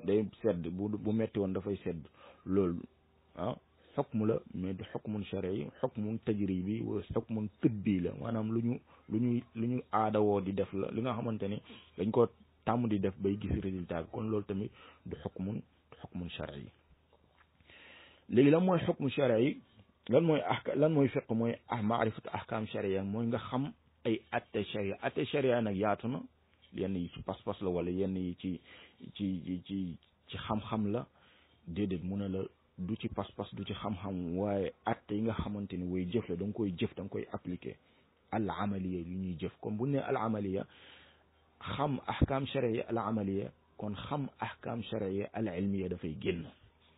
day sedd bu bu metti woon dafay sedd loolu ah, xukmu la mais du xukmun shari xukmun tajribi wa xukmun tëbbi la maanaam lu ñu lu ñu lu ñu aadawoo di def la lu nga xamante ni dañ ko tàmm di def bay gis résultat bi kon loolu tamit du xukmun du xukmun shari léegi lan mooy xukmu shari lan mooy ahka mooy fiq mooy ah maarifatu ahkaam sharia mooy nga xam ay atte nag yaatu na yenn yi ci la wala yenn yi ci ci ci ci xam la déedéet mu ne la du ci pass pass du ci xam-xam waye atte yi nga xamanteni way jëf la dang koy jëf dang koy appliquer al amaliya yu ñuy jëf comme bu ne al amaliya xam ahkam shar'iyya al amaliya kon xam ahkam shar'iyya al ilmiya da fay génn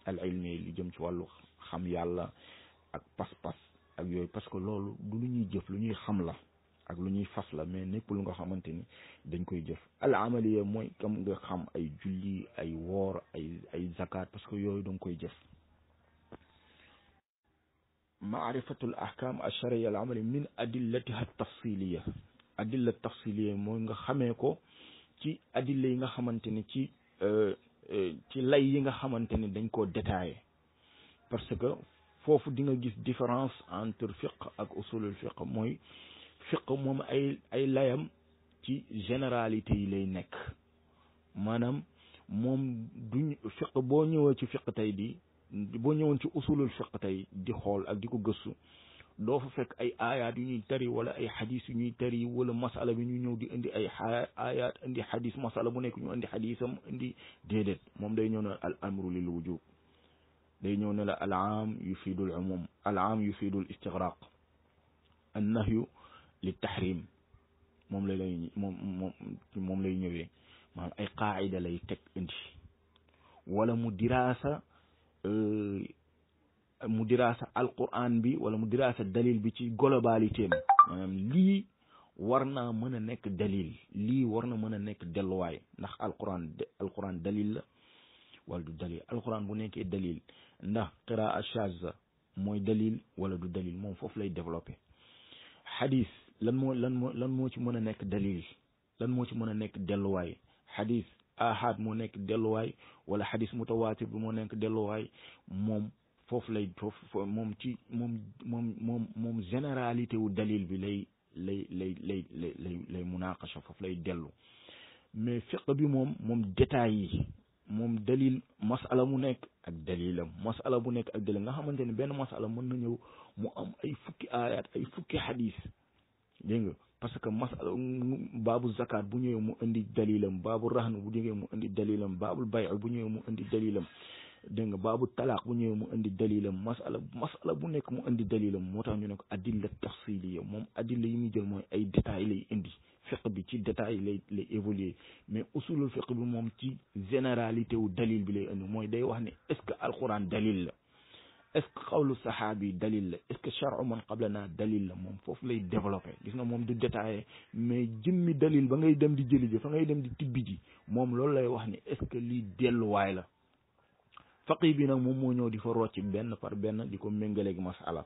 al ilmi li jëm ci walu xam yàlla ak pass pass ak yoy parce que lolu du lu ñuy jëf lu ñuy xam la ak lu ñuy fas la mais népp lu nga xamanteni dañ koy jëf al amaliya moy kam nga xam ay julli ay wor ay ay zakat parce que yoy dang koy jëf معرفة الأحكام الشرعية العملية من أدلتها التفصيلية أدلة التفصيلية مونغا خميكو كي أدلة ينغا خمانتني تي تي لاي ينغا دينكو دنكو دتاي برسك فوف دينغا جيس ديفرانس عن ترفق أك أصول الفقه موي فقه موم أي, أي لايم كي جنراليتي لي نك مانام موم فقه بو نيوة تايدي bo ñewon ci usulul fiqh tay di xol ak diko geussu do fa fek ay ayat yu ñuy tari wala ay hadith yu ñuy tari wala masala bi ñu ñëw di indi ay ayat indi hadith masala bu nekk ñu indi haditham indi dedet mom day ñëw na al amru lil wujub day ñëw na la al am yufidu al umum al am yufidu al istighraq an nahyu lit tahrim mom lay lay mom mom lay ñewé maanaam ay qa'ida lay tek indi wala mu dirasa Euh, mu diraasa alquran bi wala mu diraasa dalil bi ci globalité ma maanaam lii war naa mën a nekk dalil lii war na mën a nekk delluwaay ndax alquran alquran dalil la wala du dalil alquran bu nekkee dalil ndax qiraa shaaza mooy dalil wala du dalil moom foofu lay développé xadis lan moo lan moo ci mën a nekk dalil lan moo ci mën a nekk delluwaay xadis ahad moo nekk delluwaay wala xadis mutawaatir bi moo nekk delluwaay moom foofu lay foofu moom ci moom moom moom moom généralité wu dalil bi lay lay lay lay lay lay foofu lay dellu mais fiq bi moom moom détails yi moom dalil masala mu nekk ak dalilam masala bu nekk ak dalil nga xamante ne benn masala mën na ñëw mu am ay fukki ayat ay fukki xadis dégg nga parce que masal babu zakat bu ñëwee mu andi dalilam babu rahn bu ñëwee mu andi dalilam babu bay bu ñëwee mu andi dalilam deng babu talaq bu ñëwee mu andi dalilam masal masal bu nekk mu andi dalilam motax tax ñu ne ko adilla tafsiliya moom adilla yi ñu jël moy ay détails lay indi fiqh bi ci détails lay lay évoluer mais usulul fiqh bu mom ci généralité wu dalil bi lay andi moy day wax ni est ce que alquran dalil la est ce que le sahabi yi dalil est ce que charu man qablanaa dalil la moom foofu lay développé gis nga moom du détaillé mais jëmmi dalil ba ngay dem di jëli je fa ngay dem di tibbi ji moom loolu lay wax ni est ce que lii delluwaay la faqi bi nag moom moo ñëw di fa rocci benn par benn di ko méngaleeg masala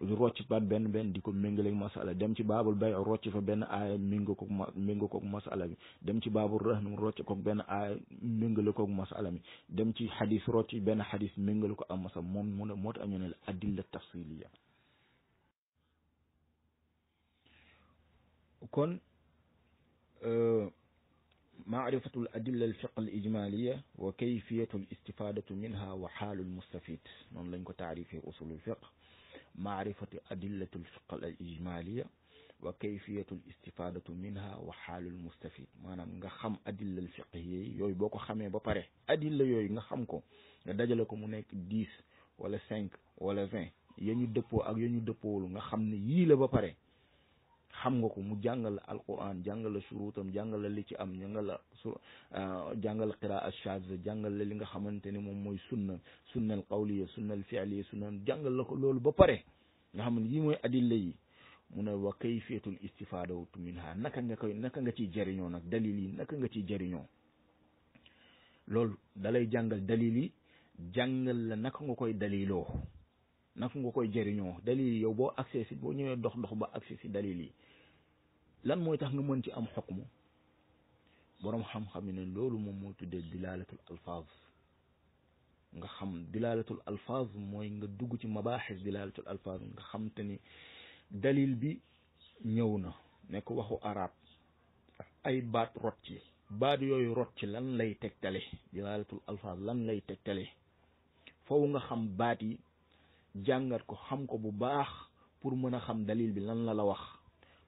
rocc baat benn benn di ko méngale ak masala dem ci baabul bay rocc fa benn aaya méngo ko méngo koog masala mi dem ci baabul rahn rocc koog benn aaya méngale koog masala mi dem ci xadis rocc benn xadis méngale ko am masa moom mu ne moo tax ñu ne la adilla tafsiliya kon معرفة الأدلة الفقه الإجمالية وكيفية الاستفادة منها وحال المستفيد من لنكو تعريف أصول الفقه معرفة أدلة الفقه الإجمالية وكيفية الاستفادة منها وحال المستفيد ما نعم خم أدلة الفقهية يوي بوكو خمي بباري أدلة يوي نخمكو ندجلكم منك 10 ولا 5 ولا 20 يني دبو أك يني دبو نخم نيلة بباري xam nga ko mu jàngal la alquran jàngal la suruutam jàngal la li ci am jàngal la su euh, jàngal qiraa shaz jàngal la li nga xamante ne moom mooy sunna sunnal qawliya sunnal fi'liya sunna jàngal la ko loolu ba pare nga xam ne yii mooy adilla yi mu ne wa kayfiyatul istifaadatu minha naka nga koy naka nga ciy jëriñoo nag dalil yi naka nga ciy jëriñoo loolu dalay jàngal dalil yi jàngal la naka nga koy daliloo naka nga koy jëriñoo dalil yi yow boo accès si boo ñëwee dox dox ba accès si dalil yi lan mooy tax nga mën ci am mu boroom xam-xam ne loolu moom moo tuddee dilaalatul alfaaz nga xam dilaalatul alfaaz mooy nga dugg ci mabaaxis dilaalatul alfaaz nga xam te ni dalil bi ñëw na nekk waxu arab ay baat rot ci baat yooyu rot ci lan lay tegtale dilaalatul alfaaz lan lay tegtale foofu nga xam baat yi jàngat ko xam ko bu baax pour mën a xam dalil bi lan la la wax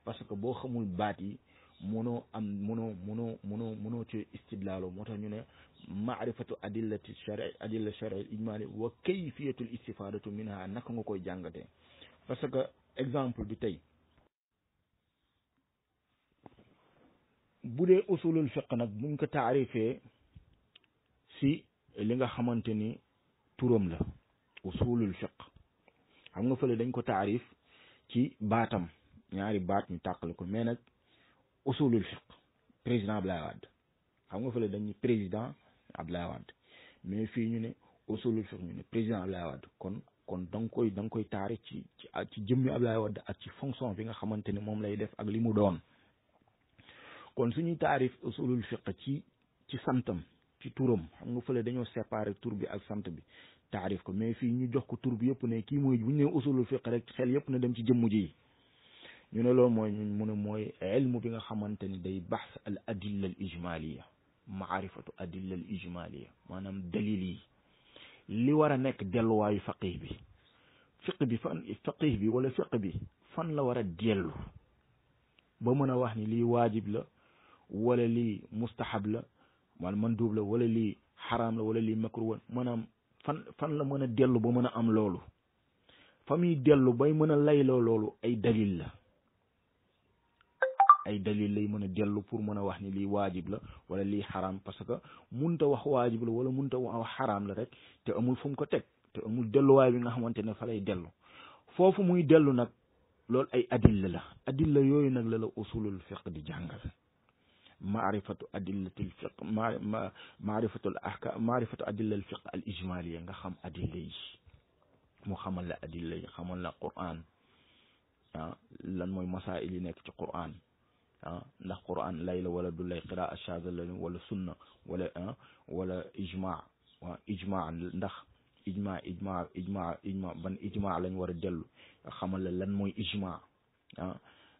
parce que boo xamul baat yi mënoo am mënoo mënoo mënoo mënoo ci istidlaaloo moo tax ñu ne maarifat adillati shari adilla shari ijmaali wa kayfiyatul istifadatu minha naka nga koy jàngatee parce que exemple bi tey bu dee usulul fiq nag buñ ko taarifee si li nga xamante ni turam la usulul fiq xam nga fële dañ ko taarif ci baatam ñaari baat ñu tàqal ko mais nag usulul fiq président Ablaye Wade xam nga fële dañu président Ablaye Wade mais fii ñu ne usulul fiq ñu ne président Ablaye Wade kon kon da koy da nga koy taari ci ci ci jëmmi Ablaye Wade ak ci fonction bi nga xamante ne moom lay def ak li mu doon kon suñuy taarif usulul fiq ci ci santam ci turam xam nga fële dañoo séparé tur bi ak sant bi taarif ko mais fii ñu jox ko tur bi yëpp ne kii mooy bu ñu nee usulul fiq rek xel yëpp na dem ci jëmm ji ñu ne loolu mooy mu ne mooy ilmu bi nga xamante ni day baxs al adilla al ijmaliya maarifatu adilla al ijmaliya maanaam dalil yi li war a nekk delluwaayu faqih bi fiq bi fan faqih bi wala fiq bi fan la war a dellu ba mën a wax ni lii waajib la wala lii mustahab la wala mandub la wala lii xaraam la wala lii makruh maanaam fan fan la mën a dellu ba mën a am loolu fa muy dellu bay mën a layloo loolu ay dalil la ay dalil lay mën a dellu pour mën a wax ni lii waajib la wala lii xaram parce que munta wax waajib la wala munta wax xaraam la rek te amul fu mu ko teg te amul delluwaay bi nga xamante ne fa lay dellu foofu muy dellu nag loolu ay adilla la adilla yooyu nag la la usulul fiq di jàngal معرفة أدلة الفقه معرفة الأحكام معرفة أدلة الفقه الإجمالية نغا خم أدلة مو خم لا أدلة خم لا قرآن لان موي مسائل لي نيك تي قران ها آه. قران ليلة ولا دول لي قراءه شاذه ولا سنه ولا آه. ولا اجماع واجماع ندخ اجماع اجماع اجماع اجماع اجماع لا نوار ديلو خمال لان موي اجماع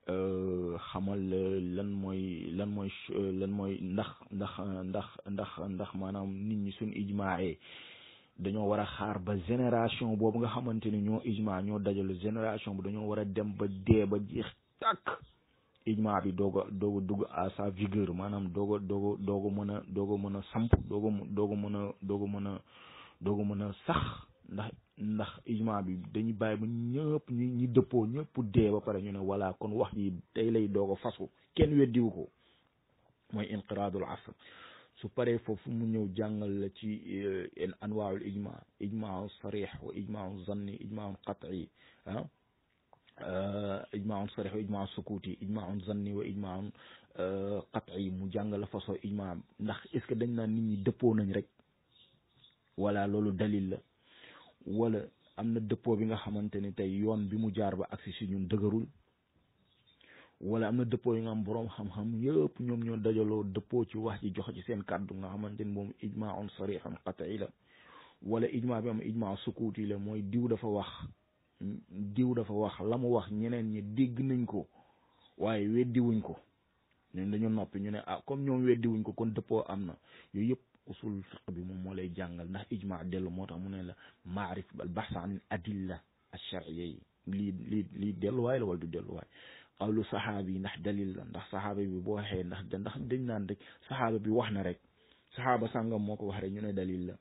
Euh, xamal lan mooy lan mooy lan mooy ndax ndax ndax ndax ndax maanaam nit ñi suñ ijmaayee dañoo war a xaar ba génération boobu nga xamante ni ñoo ijmaa ñoo dajale génération bi dañoo war a dem ba dee ba jeex tàkk ijmaa bi doog a doog dugg à sa vigueur maanaam doog a doog a doog mën a doog a mën a samp doog a doog a mën a doog mën a doog a mën a sax ndax ndax ijma bi dañu bàyyi ba ñëpp ñi ñi dëppoo ñëpp dee ba pare ñu ne voilà kon wax yi tey lay doog a fasu kenn weddiwu ko mooy inqiraadul asr su paree foofu mu ñëw jàngal la ci eh, en anwaawul ijma ijmaau sarix wa ijmaau zanni ijmaau qat'i ah eh, ijmaau sarix wa ijmaau sukuuti ijmaau zanni wa ijmaau eh, qat'i mu jàngal la façon ijma ndax est dañ naan nit ñi dëppoo nañ rek wala loolu dalil la wala am na dëppoo bi nga xamante ni tey yoon bi mu jaar ba agsi si ñun dëgërul wala am na dëppoo yi nga am boroom xam-xam yëpp ñoom ñoo dajaloo dëppoo ci wax ci jox ci seen kàddu nga xamante ni moom ijmaa am sarixan qat'i la wala ijmaa bi am ijmaa sukuuti la mooy diw dafa wax diw dafa wax la mu wax ñeneen ñi dégg nañ ko waaye weddiwuñ ko ñun dañu noppi ñu ne ah comme ñoom weddiwuñ ko kon dëppoo am na yooyu yëpp usul fiq bi moom moo lay jàngal ndax ijma dellu moo tax mu ne la maarif al bahs an adilla ash-shar'iyya yi lii lii lii delluwaay la wala du delluwaay qawlu saxaabi yi ndax dalil la ndax saxaaba bi boo waxee ndax ndax dañ naan rek saxaaba bi wax na rek saxaaba sàngam moo ko wax rek ñu ne dalil la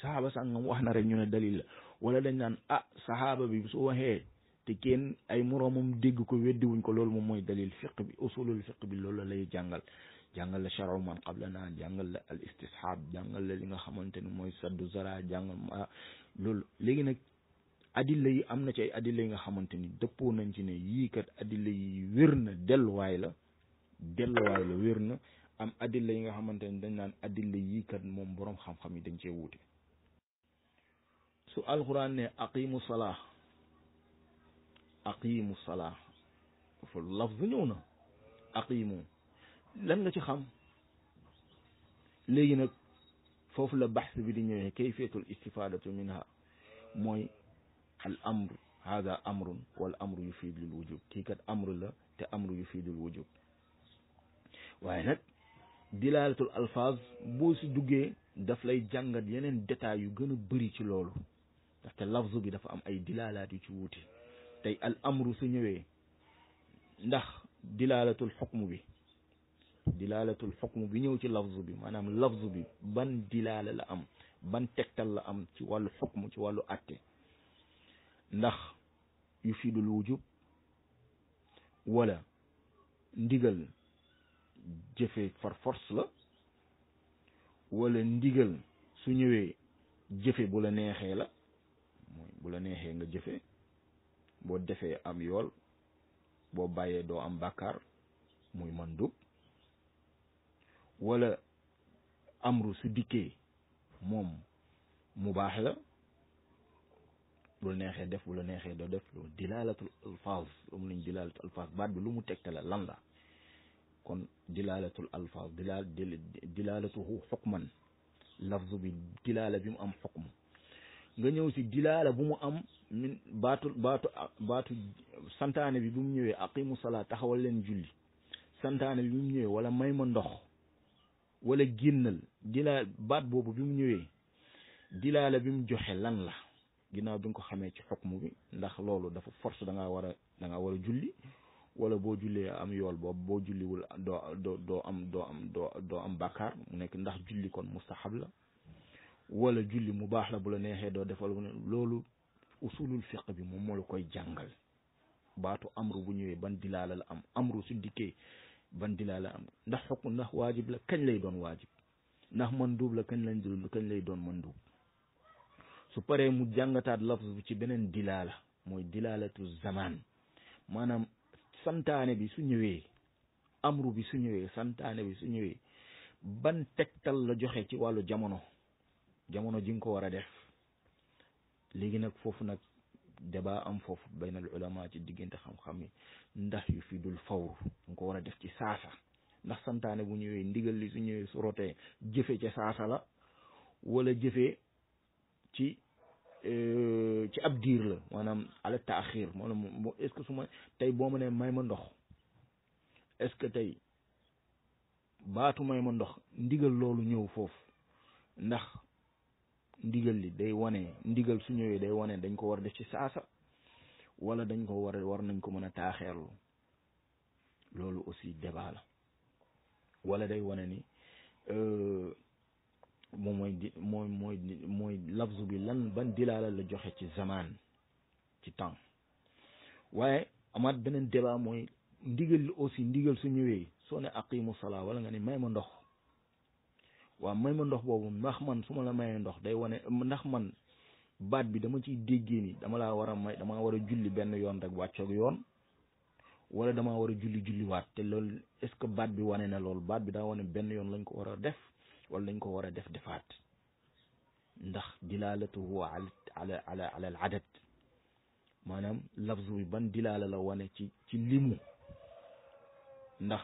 saxaaba sàngam wax na rek ñu ne la wala dañ naan ah saxaaba bi su waxee te kenn ay moroomam dégg ko weddi wuñ ko loolu moom mooy dalil fiq bi usulul fiq bi loolu lay jàngal jàngal la charaw man qablana jàngal la al istishaab jàngal la li nga xamante ni mooy saddu zara jàngal ma loolu léegi nag adilla yi am na ci ay adilla yi nga xamante ni dëppoo nañ ci ne yii kat adilla yi wér na delluwaay la delluwaay la wér na am adilla yi nga xamante ni dañ naan adilla yii kat moom boroom xam-xam yi dañ cee wuute su alxuraan ne aqimu salaa aqimu salaa fa lafz ñëw na aqimu lan nga ci xam léegi nag foofu la baxs bi di ñëwee kayfiyatul istifadatu minha mooy al amru hada amrun wal amru yufidul wujub kii kat amru la te amru yufidul wujub waaye nag dilaalatul alfaaz boo si duggee daf lay jàngat yeneen détails yu gën bëri ci loolu ndaxte lafzu bi dafa am ay dilaalaat yu ci wuuti tey al su ñëwee ndax dilaalatul xukmu bi dilaalatul xukm bi ñëw ci lafzu bi maanaam lafzu bi ban dilaala la am ban tegtal la am ci wàllu mu ci wàllu atte ndax yu fii fiidul wujub wala ndigal jëfe par force la wala ndigal su ñëwee jëfe bu la neexee la mooy bu la neexee nga jëfe boo defee am yool boo bàyyee doo am bàkkaar muy mandub wala amru su dikkee moom mu baax la bu la neexee def bu la neexee doo def loolu dilaalatul alfaaz am lañ dilaalatul alfaaz baat bi lu mu tegtale lan la kon dilaalatul alfaaz dilaal dilaalatuhu xukman lafzu bi dilaala bi mu am xukm nga ñëw si dilaala bu mu am min baatu baatu santaane bi bu mu ñëwee aqimu salaa taxawal leen julli santaane bi bu mu ñëwee wala may ma ndox wala génnal dilaa baat boobu bi mu ñëwee dilaala bi mu joxee lan la ginnaaw bi nga ko xamee ci xukmu bi ndax loolu dafa force da ngaa war a da war a julli wala boo jullee am yool boobu boo julliwul doo doo am doo am doo am bàkkaar mu nekk ndax julli kon mustahab la walla julli mu baax la bu la neexee doo defal loolu usulul fiq bi moom moo la koy jàngal baatu amru bu ñëwee ban dilaala la am amru su dikkee ban dilaa la am ndax xukk ndax waajib la kañ lay doon waajib ndax man manduub la kañ lañ dul kañ lay doon manduub su paree mu jàngataat lafz bi ci beneen dilaa la mooy dilaalatu zamaan maanaam santaane bi su ñëwee amru bi su ñëwee santaane bi su ñëwee ban tegtal la joxe ci wàllu jamono jamono ji nga ko war a def léegi nag foofu nag débat am foofu bayna al ulama ci diggante xam-xam yi ndax yu fi dul fawru nga ko war a def ci saasa ndax santaane bu ñëwee ndigal li su ñëwee su rotee jëfe ca saasa la wala jëfe ci euh, ci ab diir la maanaam ala taaxir maanaam est-ce que su ma tey boo ma ne may ma ndox est-ce que tey baatu may ma ndox ndigal loolu ñëw foofu ndax ndigal li day wane ndigal su ñëwee day wane dañ ko war def ci saasa wala dañ ko war war nañ ko mën a taaxeerlu loolu aussi débat la wala day wane ni euh, moom mooy di mooy mooy bi lan ban dilaala la joxe ci zamaan ci temps waaye amaat beneen débat mooy ndigal li aussi ndigal su ñëwee soo ne aqimu salaa wala nga ne may ma ndox waaw may ma ndox boobu ndax man su ma la mayee ndox day wane ndax man baat bi dama ciy déggee ni dama laa war a may damaa war a julli benn yoon rek wàccook yoon wala dama war a julli julliwaat te loolu est-ce que baat bi wane na loolu baat bi daa wane benn yoon lañ ko war a def wala lañ ko war a def defaat ndax dilaalatuhu ala ala ala al adad maanaam lafzu bi ban dilaala la wane ci ci limu ndax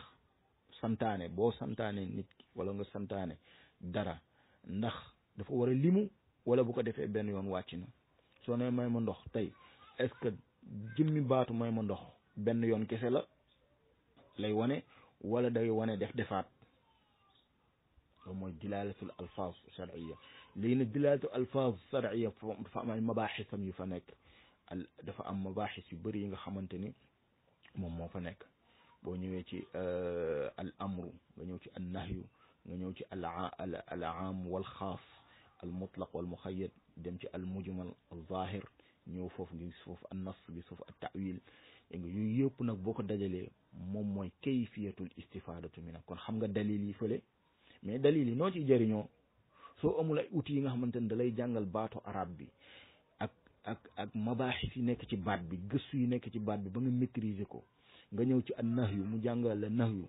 santaane boo santaane nit ki nga santaane dara ndax dafa war a limu wala bu ko defee benn yoon wàcc na soo nee may ma ndox tey est-ce jëmmi baatu may ma ndox benn yoon kese la lay wane wala day wane def defaat loolu mooy dilaalatul alfaaz sharciya léegi nag dilaalatul alfaaz sharciya dafa am ay mabaaxisam yu fa nekk dafa am mabaaxis yu bari yi nga xamante ni moom moo fa nekk boo ñëwee ci euh, al amru nga ñëw ci an nahyu nga ñëw ci al al aam wal xaas al mutlaq wal muxayyad dem ci al mujmal al zahir ñëw foofu ngi gis foofu an nas gis foofu at ta'wil nga yooyu yëpp nag boo ko dajalee moom mooy kayfiyatul istifadatu mi nag kon xam nga dalil yi fële mais dalil yi noo ciy jëriñoo soo amul ay outils yi nga xamante ne da lay jàngal baatu arab bi ak ak ak mabaaxis yi nekk ci baat bi gëstu yi nekk ci baat bi ba nga maîtriser ko nga ñëw ci an nahyu mu jàngal la nahyu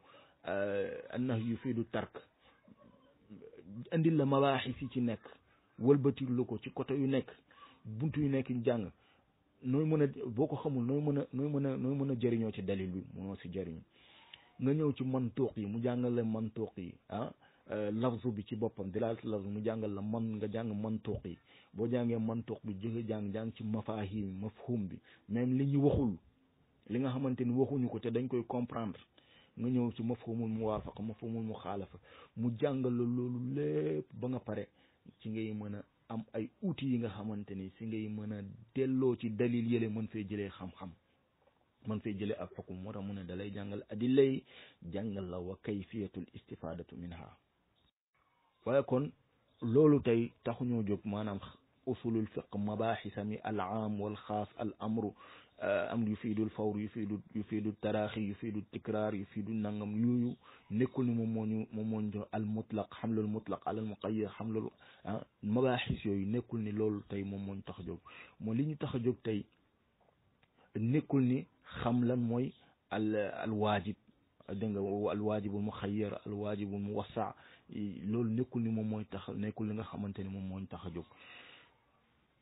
euh, an nahyu yufiidu tark indil la mabaaxi si ci nekk wëlbati lu ko ci côté yu nekk bunt yu nekk jàng nooy mën a boo ko xamul nooy mën a nooy mën a nooy mën a jëriñoo ci dalil bi mënoo si jëriñu nga ñëw ci mantuuq yi mu jàngal la mantuuq yi ah euh, lafzu bi ci boppam dilaalat lafzu mu jàngal la man nga jàng mantuuq yi boo jàngee mantuuq bi jëge jàng jàng ci mafaahim mafhum bi même li ñu waxul li nga xamante ni waxuñu ko te dañ koy comprendre nga ñëw ci mafhumul muwaafaqa mafhumul muxaalafa mu jàngal la loolu lépp ba nga pare ci ngay mën a am ay uti yi nga xamante ni si ngay mën a delloo ci dalil yële mën fee jëlee xam-xam mën fee jëlee ak xukum moo tax mu ne da lay jàngal adilla yi jàngal la wa kayfiyatul istifadatu minha waaye kon loolu tey taxuñoo jóg maanaam usulul fiq mabaxisami al aam wal al amru Euh, am yu fii dul fawr yu fii dul yu fii dul taraaxi yu fii dul tikraar yu fii dul nangam yooyu nekkul ni moom moo ñu moom moo ñu jox al mutlaq xamlul mutlaq alal muqayyad xamlul ah mabaaxis yooyu nekkul ni loolu tey moom moo ñu tax a jóg moo li ñu tax a jóg tey nekkul ni xam lan mooy al al waajib dégg nga al waajibul muxayyar al waajibul muwassa loolu nekkul ni moom mooy tax nekkul li nga xamante ni moom moo ñu tax a jóg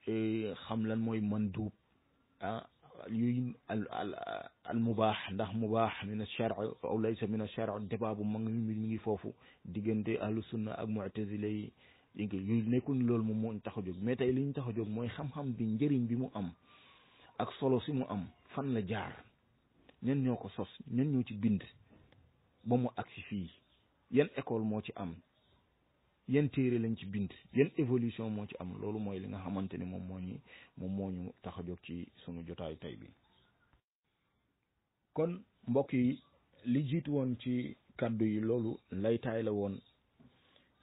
eh, xam lan mooy manduub ah. yuy al al al mubaax ndax mubaax min ash-shar'i aw laysa min ash-shar'i débat bu mag mi ngi foofu diggante ahlu sunna ak mu'tazila yi dégg nga yu nekkul lool moom moo ñu tax a jóg mais tey li ñu tax mooy xam-xam bi njëriñ bi mu am ak solo si mu am fan la jaar ñen ñoo ko sos ñen ñoo ci bind ba mu agsi fii yan école moo ci am yan téere lañ ci bind yan évolution moo ci am loolu mooy li nga xamante ni moom moo ñu moom moo ñu tax a jóg ci sunu jotaayu tey bi kon mbokk yi li jiitu woon ci kàddu yi loolu laytaay la woon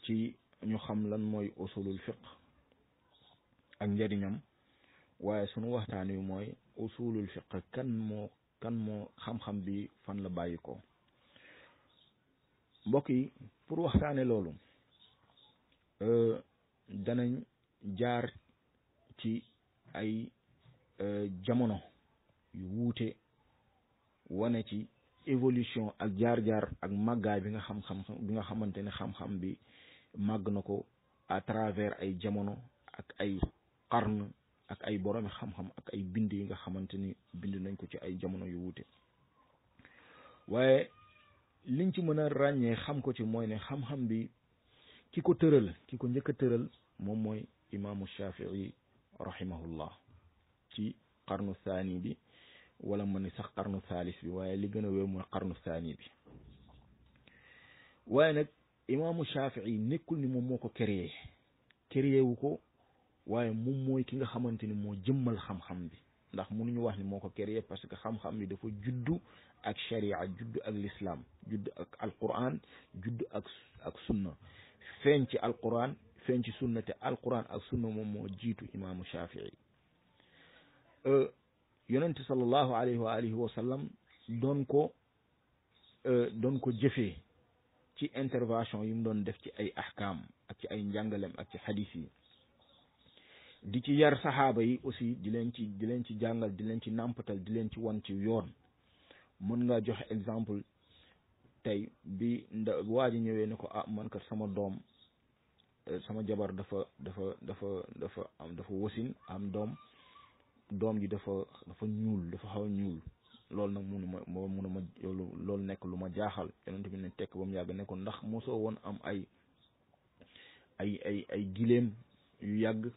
ci ñu xam lan mooy usulul fiq ak njëriñam waaye sunu waxtaan wi mooy usulul fiq kan moo kan moo xam-xam bi fan la bàyyi ko mbokk yi pour waxtaane loolu Euh, danañ jaar ci ay euh, jamono yu wuute wane ci évolution ak jaar-jaar ak màggaay bi nga xam-xam bi nga xamante ne xam bi màgg na ko à travers ay jamono ak ay xarn ak ay boroomi xam-xam ak ay bind yi nga xamante ni bind nañ ko ci ay jamono yu wuute waaye liñ ci mën a ràññee xam ko ci mooy ne xam-xam bi ki ko tëral ki ko njëkk a tëral moom mooy imaamu shafii rahimahullah ci qarnu saani bi wala mën ni sax qarnu saalis bi waaye li gën a wéew mooy qarnu saani bi waaye nag a shafii nekkul ni moom moo ko créé créé wu ko waaye moom mooy ki nga xamante ni moo jëmmal xam-xam bi ndax mënuñu wax ni moo ko créé parce que xam-xam bi dafa juddu ak sharia juddu ak l'islam juddu ak alquran juddu ak ak sunna feeñ ci alquran feeñ ci sunna te alquran ak sunna moom moo jiitu imaamu shafii euh, yonente sallallahu alayhi wa alihi wa sallam doon ko euh, doon ko jëfee ci intervention yi mu doon def ci ay ahkam ak ci ay njàngalem ak ci xadis yi di ci yar saxaaba yi aussi di leen ci di leen ci jàngal di leen ci nàmpatal di leen ci wan ci yoon mën nga joxe exemple tey bi nda waa ji ñëwee ne ko ah man kat sama doom eh, sama jabar dafa dafa dafa dafa am dafa wasin am doom doom ji dafa dafa ñuul dafa xaw a ñuul loolu nag munu ma moo munu ma loolu nekk lu ma jaaxal yonent bi ne tekk ba mu yàgg nekkoon ndax mosoo woon am ay ay ay ay giléem yu yàgg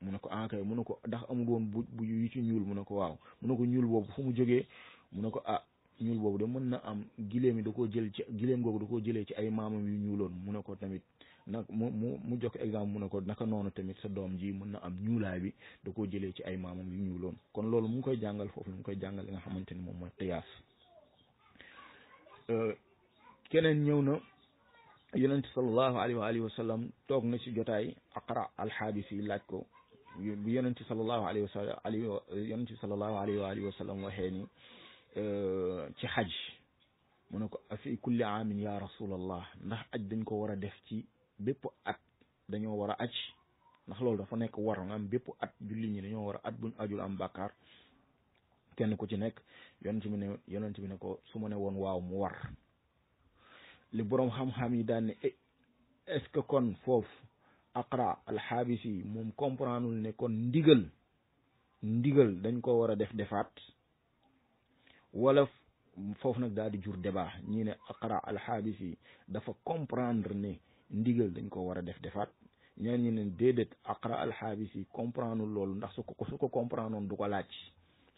mu ne ko ankay ah, mu ne ko ndax amul woon bu bu yu ci ñuul mu ne ko waaw mu ne ko ñuul boobu fu mu jógee mu ne ko ah ñuul boobu de mën na am gileem yi da koo jël ci gileem googu da koo jëlee ci ay maamam yu ñuuloon mu ne ko tamit nag mu mu mu jox exemple mu ne ko naka noonu tamit sa doom ji mën na am ñuulaay bi da koo jëlee ci ay maamam yu ñuuloon kon loolu mu ngi koy jàngal foofu mu ngi koy jàngal li nga xamante moom mooy xiyaas euh, keneen ñëw na yonent sallallahu alayhi wa alihi wa toog na ci jotaay aqra alxaabis yi laaj ko bi yonent sallallahu alayhi wa sallam yonent sallallahu alayhi wa alihi wa sallam waxee ni Euh, ci xaj mu ne ko afi kulli aamin ya rasulallah ndax aj dañ ko war a def ci bépp at dañoo war a aj ndax loolu dafa nekk war nga am bépp at julli ñi dañoo war a at buñ ajul am bàkkaar kenn ku ci nekk yonent bi ne yonent bi ne ko su ma ne woon waaw mu war li boroom xam-xam yi daan ne eh, ce que kon foofu aqra alxaabis moom comprendre ne kon ndigal ndigal dañ ko war a def defaat wala foofu nag daal di jur débat ñii ne aqra alxaabisi dafa comprendre ne ndigal dañ koo war a def defaat ñaan ñi ne déedéet aqra alxaabisi comprendre loolu ndax su ko su ko comprendre noonu du ko laaj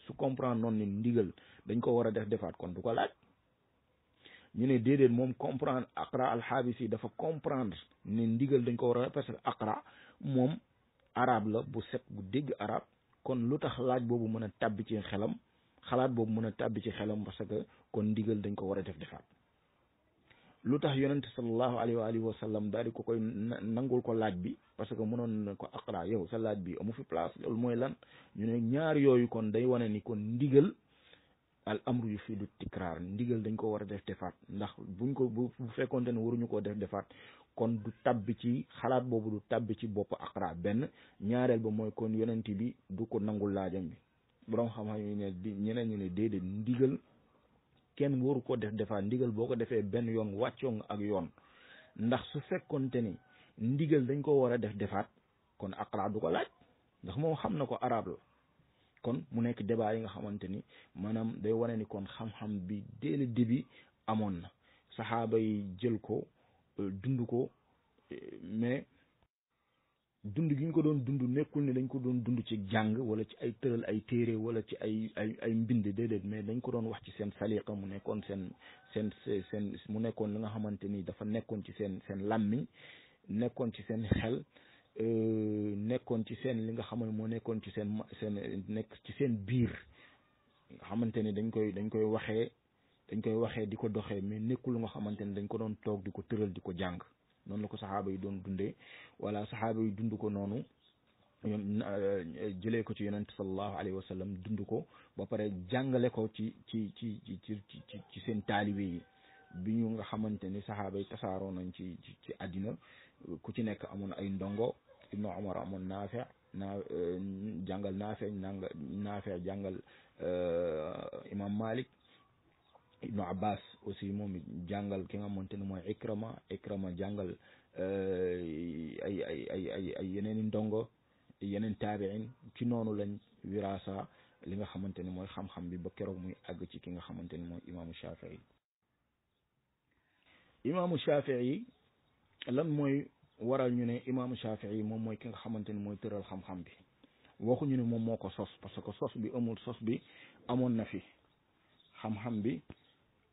su comprendre noonu ne ndigal dañ koo war a def defaat kon du ko laaj ñu ne déedéet moom comprendre aqra alxaabisi dafa comprendre ne ndigal dañ ko war a parce que aqra moom arab la bu set bu dégg arab kon lu tax laaj boobu mën a tàbbi ci xelam xalaat boobu mën a tàbbi ci xelam parce que kon ndigal dañ ko war a def defaat lu tax yonente salallahu alayhi wa alihi wa sallam daal di ko koy nangul ko laaj bi parce que mënoon na ko aqra yow sa laaj bi amu fi place loolu mooy lan ñu ne ñaar yooyu kon day wane ni kon ndigal al amru yu fii du tikraar ndigal dañ ko war a def defaat ndax buñ ko bu fekkonte ne waruñu ko def defaat kon du tabbi ci xalaat boobu du tabbi ci bopp aqra benn ñaareel ba mooy kon yonent bi du ko nangul laajam bi borom xam-xam yi ne di ñeneen ñu ne déedéet ndigal kenn waru ko def defaat ndigal boo ko defee benn yoon wàccoo nga ak yoon ndax su fekkonte ni ndigal dañ ko war a def defaat kon aqra du ko laaj ndax moom xam na ko arab la kon mu nekk débat yi nga xamante ni maanaam day wane ni kon xam-xam bi dès le amoon na saxaaba yi jël ko euh, dund ko euh, mais dund gi ñu ko doon dund nekkul ne dañ ko doon dund ci jàng wala ci ay tëral ay téere wala ci ay ay ay mbind déedéet mais dañ ko doon wax ci seen saliqa mu nekkoon seen seen seen mu nekkoon li nga xamante ni dafa nekkoon ci seen seen làmmiñ nekkoon ci seen xel euh, nekkoon ci seen li nga xam ne moo nekkoon ci seen seen nekk ci seen biir nga xamante ni dañ koy dañ koy waxee dañ koy waxee di ko doxee mais nekkul lu nga xamante ni dañ ko doon toog di ko tëral di ko jàng noonu la ko saxaaba yi doon dundee wala saxaaba yi dund ko noonu ñoom euh, jëlee ko ci yonent sallallahu alayhi wa sallam ko ba pare jàngale ko ci ci ci ci seen taalibe bi ñu nga xamante ni saxaaba yi tasaaroo nañ ci ci àddina ku ci nekk amoon ay ndongo ibnu omar amoon naafe naa euh, jàngal naafe jàngal euh, imam malik ibnu abbas aussi moom jàngal ki nga xamante ni mooy ikrama ikrama jàngal euh, ay ay ay ay ay yeneen i ndongo yeneen taabiin ci noonu lañ wirasa li nga xamante ni mooy xam-xam bi ba keroog muy àgg ci ki nga xamante ni mooy imaamu shafii imaamu shafii lan mooy waral ñu ne imaamu shafii moom mooy ki nga xamante ni mooy tëral xam-xam bi waxuñu ne moom moo ko sos parce que sos bi amul sos bi amoon na fi xam-xam bi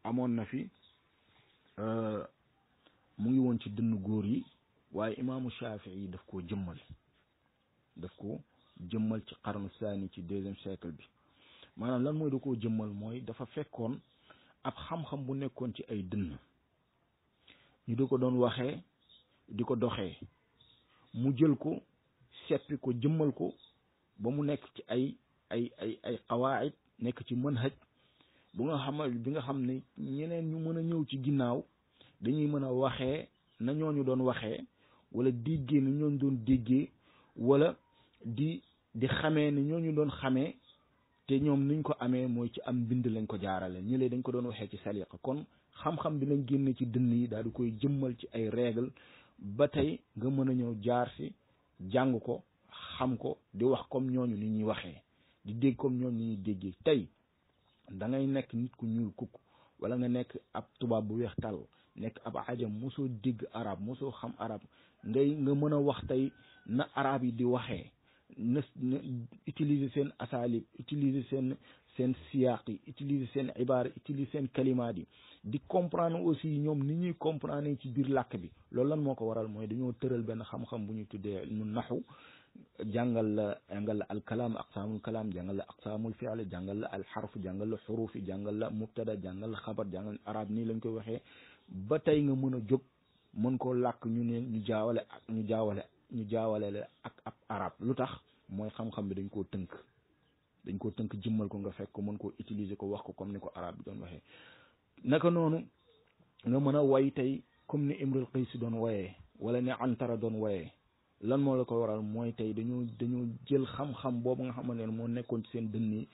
amoon na fi euh, mu ngi woon ci dënn góor yi waaye imaamu Shafii yi daf koo jëmmal daf ko jëmmal ci xarnu saani ci deuxième siècle bi maanaam lan mooy da koo jëmmal mooy dafa fekkoon ab xam-xam bu nekkoon ci ay dënn ñu di ko doon waxee di ko doxee mu jël ko seppi ko jëmmal ko ba mu nekk ci ay ay ay ay xawaayit nekk ci manhaj bu nga xamal bi nga xam ne ñeneen ñu mën a ñëw ci ginnaaw dañuy mën a waxee na ñu doon waxee wala déggee na ñooñu doon déggee wala di di xamee ni ne ñu doon xamee te ñoom niñ ko amee mooy ci am mbind lañ ko jaarale ñu dañ ko doon waxee ci saliqa kon xam-xam bi lañ génne ci dënn yi daal di koy jëmmal ci ay règle ba tey nga mën a ñëw jaar si jàng ko xam ko di wax comme ñooñu ni ñuy waxee di dégg comme ñooñu ni ñuy déggee tey dangay nekk nit ku ñuul kukk wala nga nekk ab tubaab bu weex tàll nekk ab ajam mosoo dégg arab mosoo xam arab ngay nga mën a wax tey na arab yi di waxee na utiliser seen asalib utiliser seen seen siyaaq yi utiliser seen ibaar utiliser seen kalimaat yi di comprendre aussi ñoom ni ñuy comprendre ci biir làkk bi loolu lan moo ko waral mooy dañoo tëral benn xam-xam bu ñu tuddee nu naxu jàngal la jàngal la alkalaam aqsaamul kalaam jàngal la aqsaamul fi'l jàngal la alxarf jàngal la xuruuf jàngal la mubtada jàngal la xabar jàngal arab nii lañ koy waxee ba tey nga mën a jóg mën koo làkk ñu ne ñu jaawale ak ñu jaawale ñu jaawale la ak ab arab lu tax mooy xam-xam bi dañ koo tënk dañ koo tënk jëmmal ko nga fekk ko mën koo utiliser ko wax ko comme ni ko arab bi doon waxee naka noonu nga mën a way tey comme ni imrul qays doon wayee wala ni antara doon wayee lan moo la ko waral mooy tey dañoo dañoo jël xam-xam boobu nga xamante ne moo nekkoon ci seen dënn yi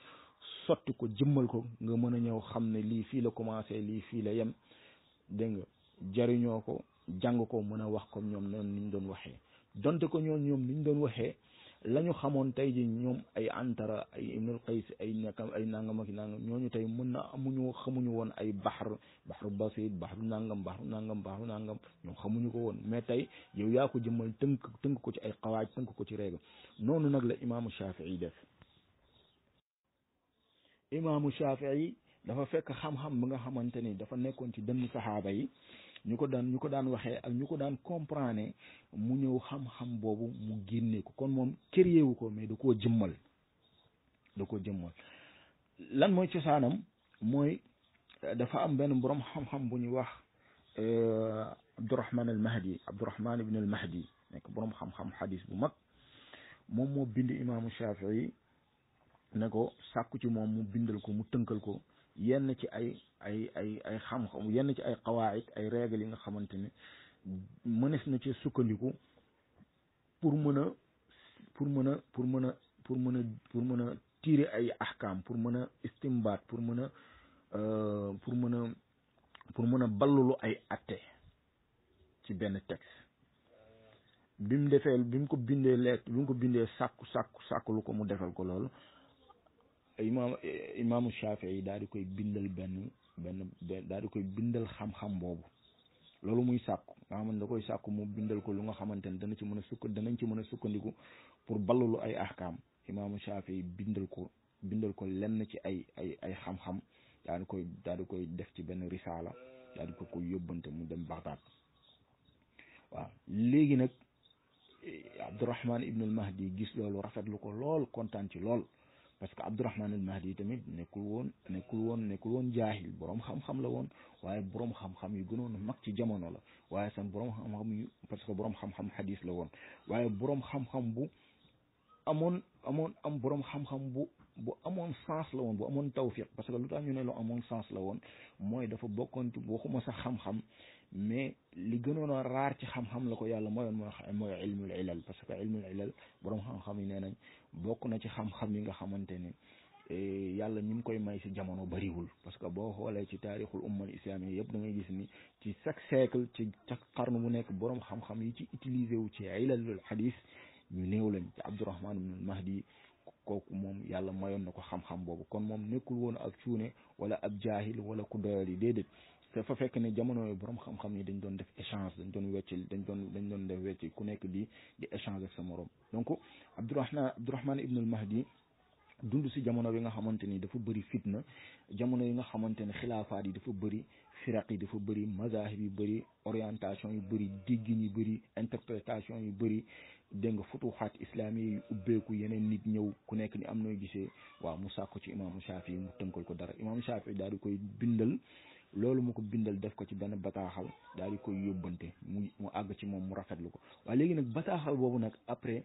sotti ko jëmmal ko nga mën a ñëw xam ne lii fii la commencé lii fii la yem dégg nga jariñoo ko jàng ko mën a wax comme ñoom noonu niñ doon waxee donte ko ñoom ñoom niñ doon waxee lañu xamoon tey ji ñoom ay antara ay ibnul qays ay nakam ay nangam ak ñooñu tey mën na amuñu xamuñu woon ay baxar baxaru basit baxaru nangam baxaru nangam baxaru nangam ñoom xamuñu ko woon mais tey yow yaa ko jëmmal tënk tënk ko ci ay xawaaj tënk ko ci réega noonu nag la imaamu shafii def imaamu shafii dafa fekk xam-xam bi nga xamante ni dafa nekkoon ci dënn saxaaba yi ñu ko daan ñu ko daan waxee ak ñu ko daan comprendre mu ñëw xam-xam boobu mu génne ko kon moom këryeewu ko mais da ko jëmmal da koo jëmmal lan mooy cosaanam mooy euh, dafa am benn borom xam-xam bu ñu wax euh, Abdourahman al Mahdi Abdourahman ibn al Mahdi nekk borom xam-xam xadis bu mag moom moo bind imaamu Shafii ne ko sàkku ci moom mu bindal ko mu tënkal ko yenn ci ay ay ay ay xam-xam yenn ci ay qawaid ay règles yi nga xamante ne mënees na ci sukkandiku pour mën a pour mën a pour mën a pour mën a pour mën a tirer ay ahkam pour mën a istimbaat pour mën a euh, pour mën a pour mën a ballulu ay atte ci benn texte bi mu defee bi mu ko bindee leet bi mu ko bindee sàkku sàkku sàkku ko mu defal ko loolu imaam imaamu Shafii yi daal di koy bindal benn benn daal di koy bindal xam-xam boobu loolu muy sàkku nga xamante da koy sàkku mu bindal ko lu nga xamante ne dana ci mën a sukk danañ ci mën a sukkandiku pour ballulu ay ahkaam imaamu Shafii yi bindal ko bindal ko lenn ci ay ay ay xam-xam daal koy daal di koy def ci benn risaala daal di ko koy yóbbante mu dem Baxdaad waaw léegi nag eh, Abdurahman Ibnul Mahdi gis loolu rafetlu ko lool kontaan ci lool. parce que Abdourahman al Mahdi tamit nekkul woon nekkul woon nekkul woon jaahil borom xam-xam la woon waaye borom xam-xam yu gënoon mag ci jamono la waaye sam borom xam-xam yu parce que borom xam-xam hadis woon waaye borom xam-xam bu amoon amoon am borom xam bu bu amoon sens la woon bu amoon tawfiq parce que lu tax ñu ne lu amoon sens la woon mooy dafa bokkoon ci waxuma sax xam-xam. mais li gënoon a raar ci xam-xam la ko yàlla mooyoon mooy mooy ilmul ilal parce que ilmul ilal borom xam yi nee nañ bokk na ci xam yi nga xamante ni e, yàlla ñi mu koy may si jamono bariwul parce que boo xoolee ci taarixul ummal islami yëpp da ngay gis ni ci chaque siècle ci chaque xarnu bu nekk borom xam-xam yi ci utilisé wu ci ilalul hadis ñu néew lañ ci Abdurahman ibnul Mahdi kooku moom yàlla mayoon na ko xam boobu kon moom nekkul woon ak cuune wala ab jaahil wala ku doyal yi déedéet dafa fekk ne jamono boroom borom xam-xam yi dañ doon def échange dañ doon weccil dañ doon dañ doon def weccil ku nekk di di échange ak sa morom donc Abdourahman Abdourahman Ibnul Mahdi dund si jamono bi nga xamante ni dafa bëri fitna jamono yi nga xamante ne xilaafaat yi dafa bëri firaq yi dafa bëri mazahib yi bëri orientation yu bëri déggin yu bëri interprétation yu bëri dégg nga futuxaat islami yi ubbeeku yeneen nit ñëw ku nekk ni am nooy gisee waaw mu sàkko ci imaamu Shaafi mu tënkal ko dara imaamu Shaafi daal di koy bindal loolu mu ko bindal def ko ci benn bataaxal daal di koy yóbbante mu mu àgg ci moom mu rafet lu ko waaye léegi nag bataaxal boobu nag après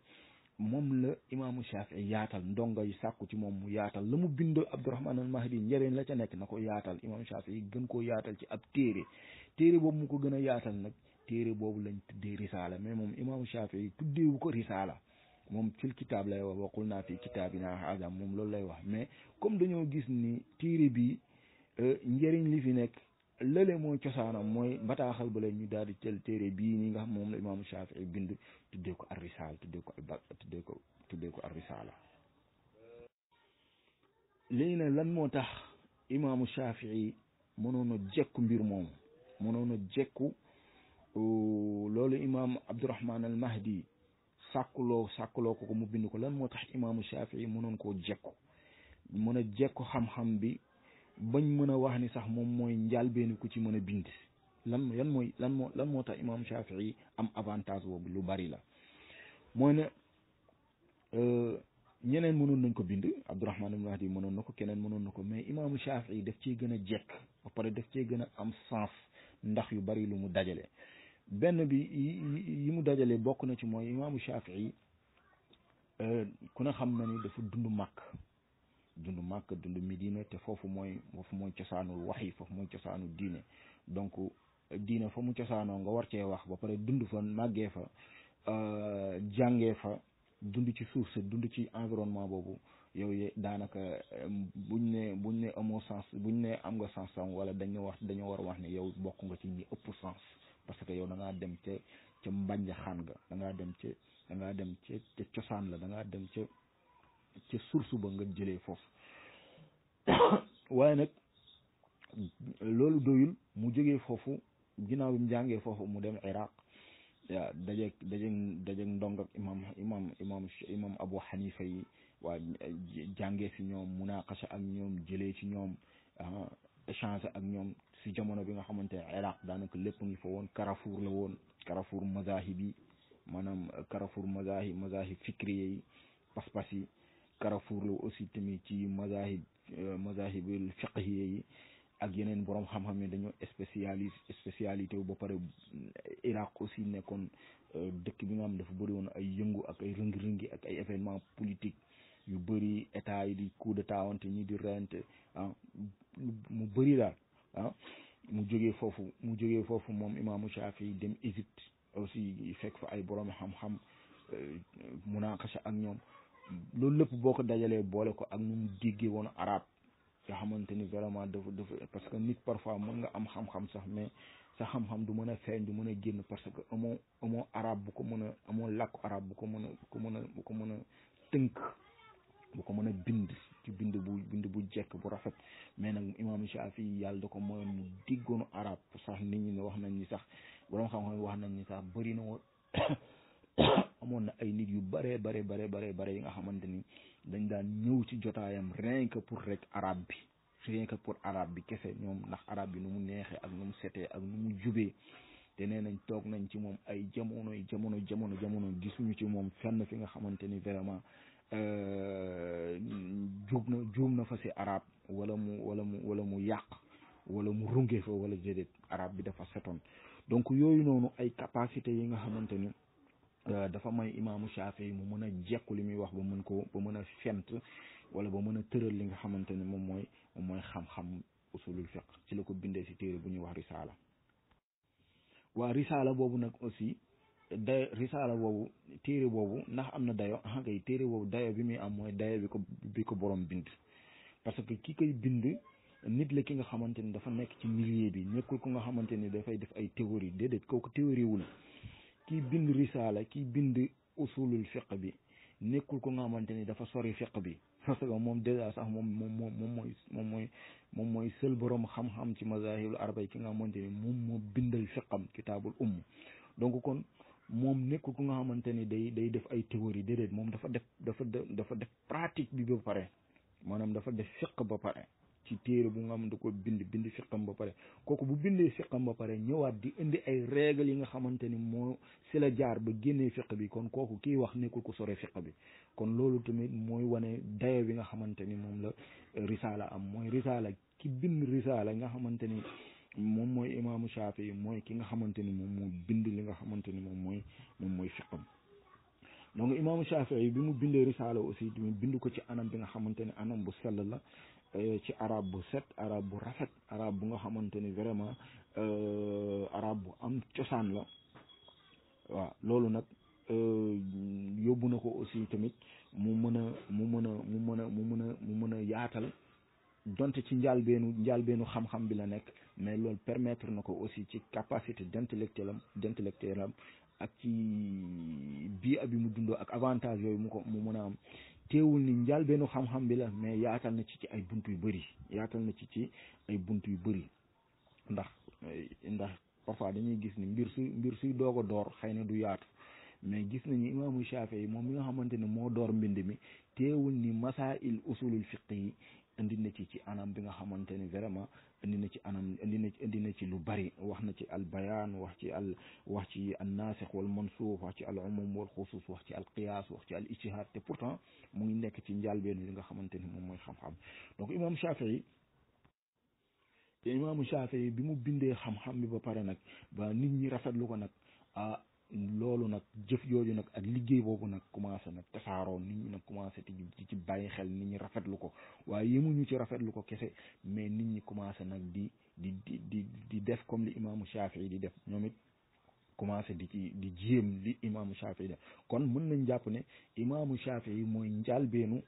moom la imaamu Shafii yaatal ndongo yi sàkku ci moom mu yaatal la mu bind Abdourahman al Mahdi njëriñ la ca nekk na ko yaatal imaamu Shafii gën koo yaatal ci ab téere téere boobu mu ko gën a yaatal nag téere boobu lañ tuddee risaala mais moom imaamu Shafii tuddeewu ko risaala moom fil kitaab lay wax waqul naa fi kitaabinaa haada moom loolu lay wax mais comme ni téere bi Euh, njëriñ li fi nekk lële mooy cosaanam mooy bataaxal ba la ñu daal di jël téere bii nga xam moom la imaamu Shafii bind tuddee ko arrisaal tuddee ko alba tuddee ko tuddee ko arrisaala léegi nag lan moo tax imaamu Shafii mënoon a jekku mbir moom mënoon a jekku euh, loolu imaam Abdurahman al Mahdi sàkkuloo sàkkuloo ko ko mu bind ko lan moo tax imaamu Shafii mënoon koo jekku mën a jekku xam-xam bi. bañ mën a wax ni sax moom mooy njàlbeenu ku ci mën a bind lan yan mooy lan lan moo tax imaam Shafii am avantage boobu lu bari la mooy ne euh, ñeneen mënoon nañ ko bind Abdourahman ibn Mahdi mënoon na ko keneen mënoon na ko mais imaamu Shafii daf cee gën a jekk ba pare daf cee gën a am sens ndax yu bari lu mu dajale benn bi yi mu dajale bokk na ci mooy imaamu Shafii euh, ku ne xam na ni dafa dund màkk dund Màkka dund mi Medina te foofu mooy foofu mooy cosaanul wax yi foofu mooy cosaanul diine donc diine fa mu cosaanoo nga war cee wax ba pare dund fa màggee fa euh, jàngee fa dund ci suuf sa dund ci environnement boobu yow ye daanaka buñ ne buñ ne amoo sens buñ ne am nga sens sam wala dañu wax dañoo war a wax ni yow bokk nga ci ñi ëpp sens parce que yow da ngaa dem ca ca mbànjaxaan nga da dem ca da dem ca cosaan la da ngaa dem ca ca source nga jëlee foofu waaye nag loolu doyul mu jógee foofu ginnaaw bi mu jàngee foofu mu dem Iraq waaw dajeeg dajeeg dajeeg ndong ak imam imam imam imam Abu Hanifa yi waa jàngee si ñoom munaqasha ak ñoom jëlee ci ñoom ah, échange ak ñoom si jamono bi nga xamante ne Iraq daanaka lépp ngi fa woon Carrefour la woon Carrefour mazahib yi maanaam Carrefour mazahib mazahib yi pas-pas yi Carrefour la aussi tamit ci mazahib euh, mazahibul fiqhiye yi ak yeneen borom xam-xam ne dañoo spécialis spécialité wu ba pare Irak aussi nekkoon euh, dëkk bi nga xam dafa bëri woon ay yëngu ak ay rëngi-rëngi ak ay événement politique yu bëri état yi di coup d'état wante ñi di rente ah mu bëri daal ah, mu jógee foofu mu jógee foofu moom imaamu Shaafi dem Égypte aussi fekk fa ay borom xam-xam euh, munaqasha ak ñoom loolu lépp boo ko dajalee boole ko ak nu mu déggee woon arab nga xamante ni vraiment dafa dafa parce que nit parfois mën nga am xam-xam sax mais sa xam-xam du mën a feeñ du mën a génn parce que amoo amoo arab bu ko mën a amoo làkku arab bu ko mën a ko mën a bu ko mën a tënk bu ko mën a bind ci bind bu bind bu jekk bu rafet mais nag imam Shafi yàlla da ko mooyoon mu diggoonu arab sax nit ñi ne wax nañ ni sax borom xam-xam wax nañ ni sax bëri na woon amoon na ay nit yu bare bare bare bare bare yi nga xamante ni dañ daan ñëw ci jotaayam rien que pour rek arabe bi rien pour arabe bi kese ñoom ndax arabe bi nu mu neexee ak nu mu setee ak nu mu jubee te nee nañ toog nañ ci moom ay jamonoy jamono jamono jamono gisuñu ci moom fenn fi nga xamante ni vraiment euh, juub na juum na fa si arab wala mu wala mu wala mu yàq wala mu rungee fa wala déedéet arab bi dafa setoon donc yooyu noonu ay capacité yi nga xamante Euh, dafa may imaamu Shaafi mu mën a jekku li muy wax ba mën ko ba mën a fent wala ba mën a tëral li nga xamante ne moom mooy moom mooy xam-xam usulul fiq ci la ko bindee si téere bu ñuy wax risaala waa risaala boobu nag aussi day risaala boobu téere boobu ndax am na dayo ah yi téere boobu dayo bi muy am mooy dayo bi ko bi ko borom bind parce que ki koy bind nit la ki nga xamante ni dafa nekk ci milieu bi nekkul ku nga xamante ni dafay def ay théorie déedéet kooku théorie la kii bind risaala kii bind usulul fiq bi nekkul ko nga xamante ni dafa sori fiq bi parce que moom dèjà sax moom moom moom mooy moom mooy moom mooy sël borom xam-xam ci mazahibul arbay ki nga xamante ni moom moo bindal fiqam kitaabul umm donc kon moom nekkul ku nga xamante ni day day def ay théorie déedéet moom dafa def dafa dafa def pratique bi ba pare maanaam dafa def fiq ba pare ci téere bu nga xam da ko bind bind fiqam ba pare kooku bu bindee fiqam ba pare ñëwaat di indi ay règle yi nga xamante ni moo si la jaar ba génnee fiq bi kon kooku kii wax nekkul ko sore fiq bi kon loolu tamit mooy wane dayo bi nga xamante ni moom la euh, risaala am mooy risaala ki bind risaala nga xamante ni moom mooy imaamu Shaafi mooy ki nga xamante ni moom moo bind li nga xamante ni moom mooy moom mooy fiqam donc imaamu Shaafi bi mu bindee risaala aussi tamit bind ko ci anam bi nga xamante ni anam bu sell la Eh, ci arab bu set arab bu rafet arab bu nga xamante ni vraiment eh, arab bu am cosaan la waaw loolu nag eh, yóbbu na ko aussi tamit mu mën a mu mën a mu mën a mu mën a mu mën a yaatal donte ci njaalbeenu njaalbeenu xam-xam bi la nekk mais loolu permettre na ko aussi ci capacité d'intellectuel am d'intellectuel am ak ci bii abi mu dundoo ak avantage yooyu mu ko mu mën a am teewul ni njaal benn xam-xam bi la mais yaatal na ci ay bunt yu bëri yaatal na ci ci ay bunt yu bëri ndax eh, ndax parfois dañuy gis ni mbir suy mbir suy doog a door xëy na du yaatu mais gis nañu imaamu Shaafi yi moom bi nga xamante ne moo door mbind mi teewul ni masail usulul fiq yi indi na ci ci anam bi nga xamante ni vraiment indi na ci anam indi na indi na ci lu bari wax na ci al bayaan wax ci al wax ci al naasix wal mansuux wax ci al umum wal xusuus wax ci al qiyaas wax ci al ijtihaad te pourtant mu ngi nekk ci njàlbeen li nga xamante ni moom mooy xam-xam donc imaam Shafii te imaamu Shafii bi mu bindee xam-xam bi ba pare nag ba nit ñi rafetlu ko nag ah, loolu nag jëf jooju nag ak liggéey boobu nag commencé nag tasaaroo nit ñi nag commencé di ci bàyyi xel nit ñi rafetlu ko waaye mu ñu ci rafetlu ko kese mais nit ñi commencé nag di di di di def comme li imaamu Shafii di def ñoom it commencé di ci di jéem li imaamu Shafii def kon mën nañ jàpp ne imaamu Shafii mooy njàlbeenu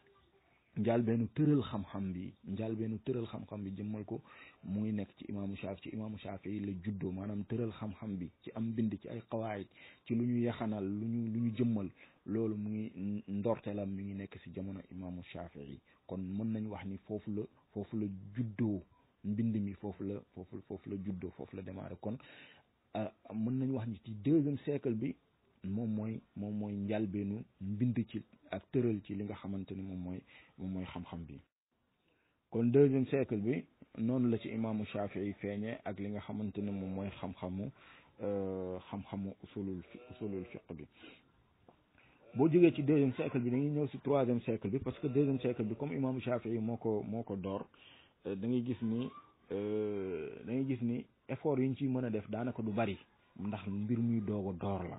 njàlbeenu tëral xam-xam bi njàlbeenu tëral xam-xam bi jëmmal ko mu ngi nekk ci imaamu Shaafi ci imaamu Shaafi yi la juddoo maanaam tëral xam-xam bi ci am bind ci ay qawaayid ci lu ñu yaxanal lu ñu lu jëmmal loolu mu ngi ndorteelam mi ngi nekk si jamono imaamu Shaafi yi kon mën nañu wax ni foofu la foofu la juddoo mbind mi foofu la foofu foofu la juddoo foofu la démarré kon ah, mën nañu wax ni ci deuxième siècle bi moom mooy moom mooy njalbeenu mbind ci ak tëral ci li nga xamante ni moom mooy moom mooy xam-xam bi kon deuxième siècle bi noonu la ci imaamu Shafii feeñee ak li nga xamante ne moom mooy xam-xamu euh, xam-xamu usulul usulul fiq bi boo jógee ci deuxième siècle bi dañuy ñëw si troisième secle bi parce que deuxième siècle bi comme imaamu Shafii moo ko moo ko door euh, da gis ni euh, da ngay gis ni effort yi ñu ciy mën a def daanaka du bari ndax mbir muy doog a door la.